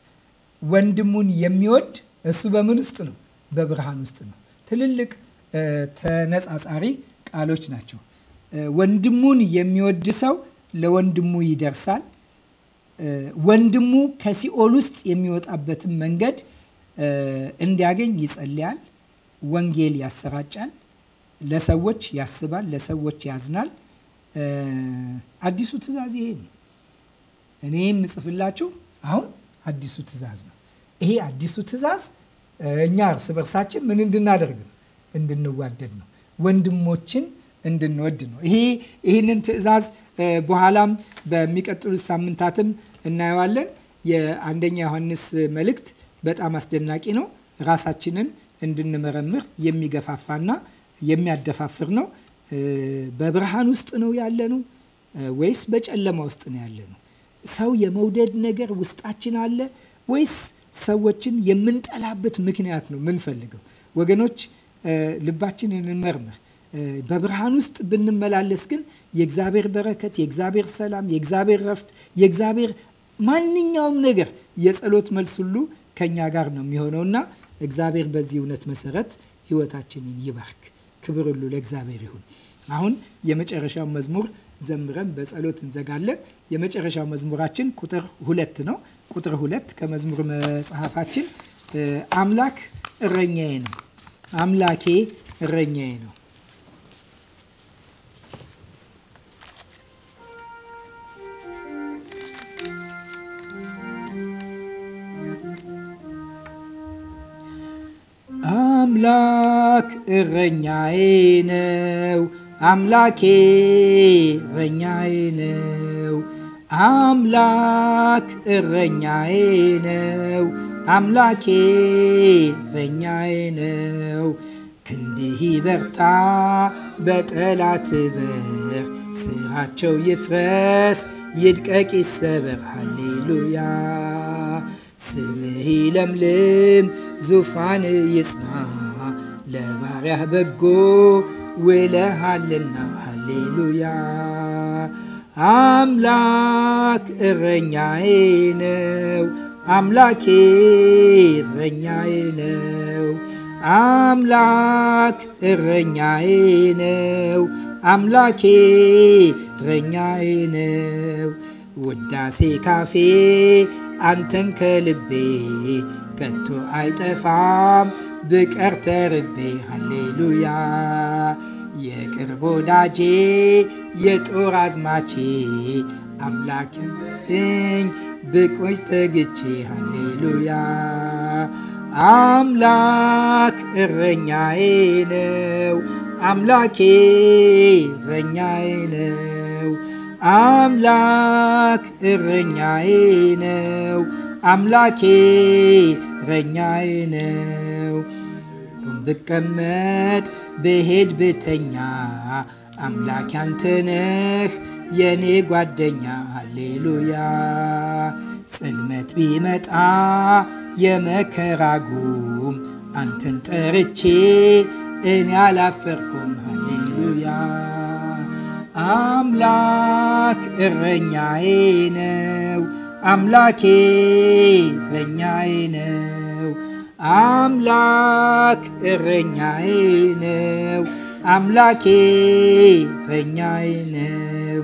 ወንድሙን የሚወድ እሱ በምን ውስጥ ነው? በብርሃን ውስጥ ነው። ትልልቅ ተነጻጻሪ ቃሎች ናቸው። ወንድሙን የሚወድ ሰው ለወንድሙ ይደርሳል። ወንድሙ ከሲኦል ውስጥ የሚወጣበትን መንገድ እንዲያገኝ ይጸልያል። ወንጌል ያሰራጫል። ለሰዎች ያስባል፣ ለሰዎች ያዝናል። አዲሱ ትእዛዝ ይሄ ነው። እኔ የምጽፍላችሁ አሁን አዲሱ ትእዛዝ ነው። ይሄ አዲሱ ትእዛዝ እኛ እርስ በርሳችን ምን እንድናደርግ ነው? እንድንዋደድ ነው። ወንድሞችን እንድንወድ ነው። ይሄ ይህንን ትእዛዝ በኋላም በሚቀጥሉት ሳምንታትም እናየዋለን። የአንደኛ ዮሐንስ መልእክት በጣም አስደናቂ ነው። ራሳችንን እንድንመረምር የሚገፋፋና የሚያደፋፍር ነው። በብርሃን ውስጥ ነው ያለ ነው ወይስ በጨለማ ውስጥ ነው ያለ ነው? ሰው የመውደድ ነገር ውስጣችን አለ ወይስ ሰዎችን የምንጠላበት ምክንያት ነው ምንፈልገው? ወገኖች ልባችን እንመርምር። በብርሃን ውስጥ ብንመላለስ ግን የእግዚአብሔር በረከት፣ የእግዚአብሔር ሰላም፣ የእግዚአብሔር ረፍት፣ የእግዚአብሔር ማንኛውም ነገር የጸሎት መልስ ሁሉ ከእኛ ጋር ነው የሚሆነውና እግዚአብሔር በዚህ እውነት መሰረት ህይወታችንን ይባርክ። ክብር ሁሉ ለእግዚአብሔር ይሁን። አሁን የመጨረሻው መዝሙር ዘምረን በጸሎት እንዘጋለን። የመጨረሻው መዝሙራችን ቁጥር ሁለት ነው። ቁጥር ሁለት ከመዝሙር መጽሐፋችን አምላክ እረኛዬ ነው፣ አምላኬ እረኛዬ ነው። አምላክ እረኛዬ ነው አምላኬ እረኛዬ ነው አምላክ እረኛዬ ነው አምላኬ እረኛዬ ነው። ክንድህ በርታ በጠላት በር፣ ስራቸው ይፍረስ ይድቀቅ ይሰበር። ሃሌሉያ ስምህ ለምልም ዙፋን ይጽና ለባሪያህ በጎ ውለሃልና፣ ሃሌሉያ። አምላክ እረኛዬ ነው፣ አምላኬ እረኛዬ ነው። አምላክ እረኛዬ ነው፣ አምላኬ እረኛዬ ነው። ውዳሴ ካፌ አንተን ከልቤ ከቶ አይጠፋም ብቀር ተርቤ ሃሌሉያ የቅርብ ወዳጄ የጦር አዝማቼ አምላክም እኝ ብቆይ ተግቼ ሃሌሉያ አምላክ እረኛዬ ነው አምላኬ እረኛዬ ነው አምላክ እረኛዬ ነው አምላኬ እረኛዬ ነው ብቀመጥ ብሄድ ብተኛ አምላክ ያንተነህ የኔ ጓደኛ ሃሌሉያ። ጽልመት ቢመጣ የመከራ ጉም አንተን ጠርቼ እኔ አላፈርኩም። ሃሌሉያ አምላክ እረኛዬ ነው አምላኬ እረኛዬ ነው አምላክ እረኛዬ ነው፣ አምላኬ እረኛዬ ነው።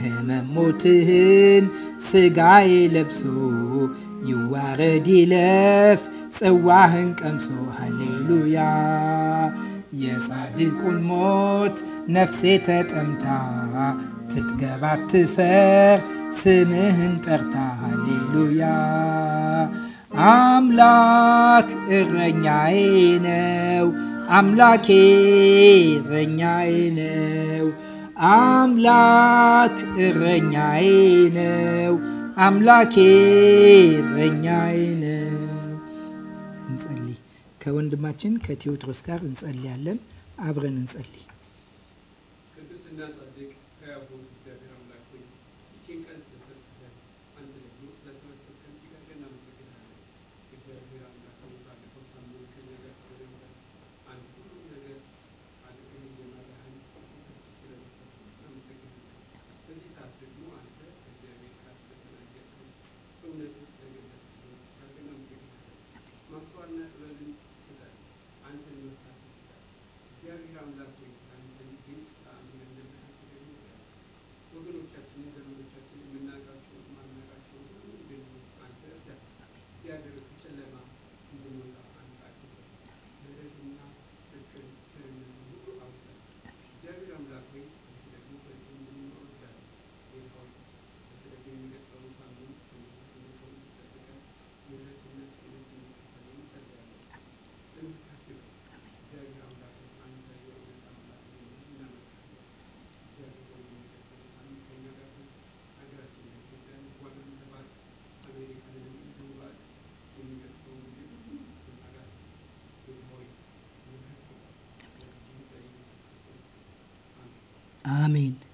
ህመሞትህን ስጋዬ ለብሶ ይዋረድ ይለፍ ጽዋህን ቀምሶ ሃሌሉያ። የጻድቁን ሞት ነፍሴ ተጠምታ ትትገባ ትፈር ስምህን ጠርታ ሃሌሉያ አምላክ እረኛዬ ነው። አምላኬ እረኛዬ ነው። አምላክ እረኛዬ ነው። አምላኬ እረኛዬ ነው። እንጸልይ። ከወንድማችን ከቴዎድሮስ ጋር እንጸልያለን። አብረን እንጸልይ። Amen.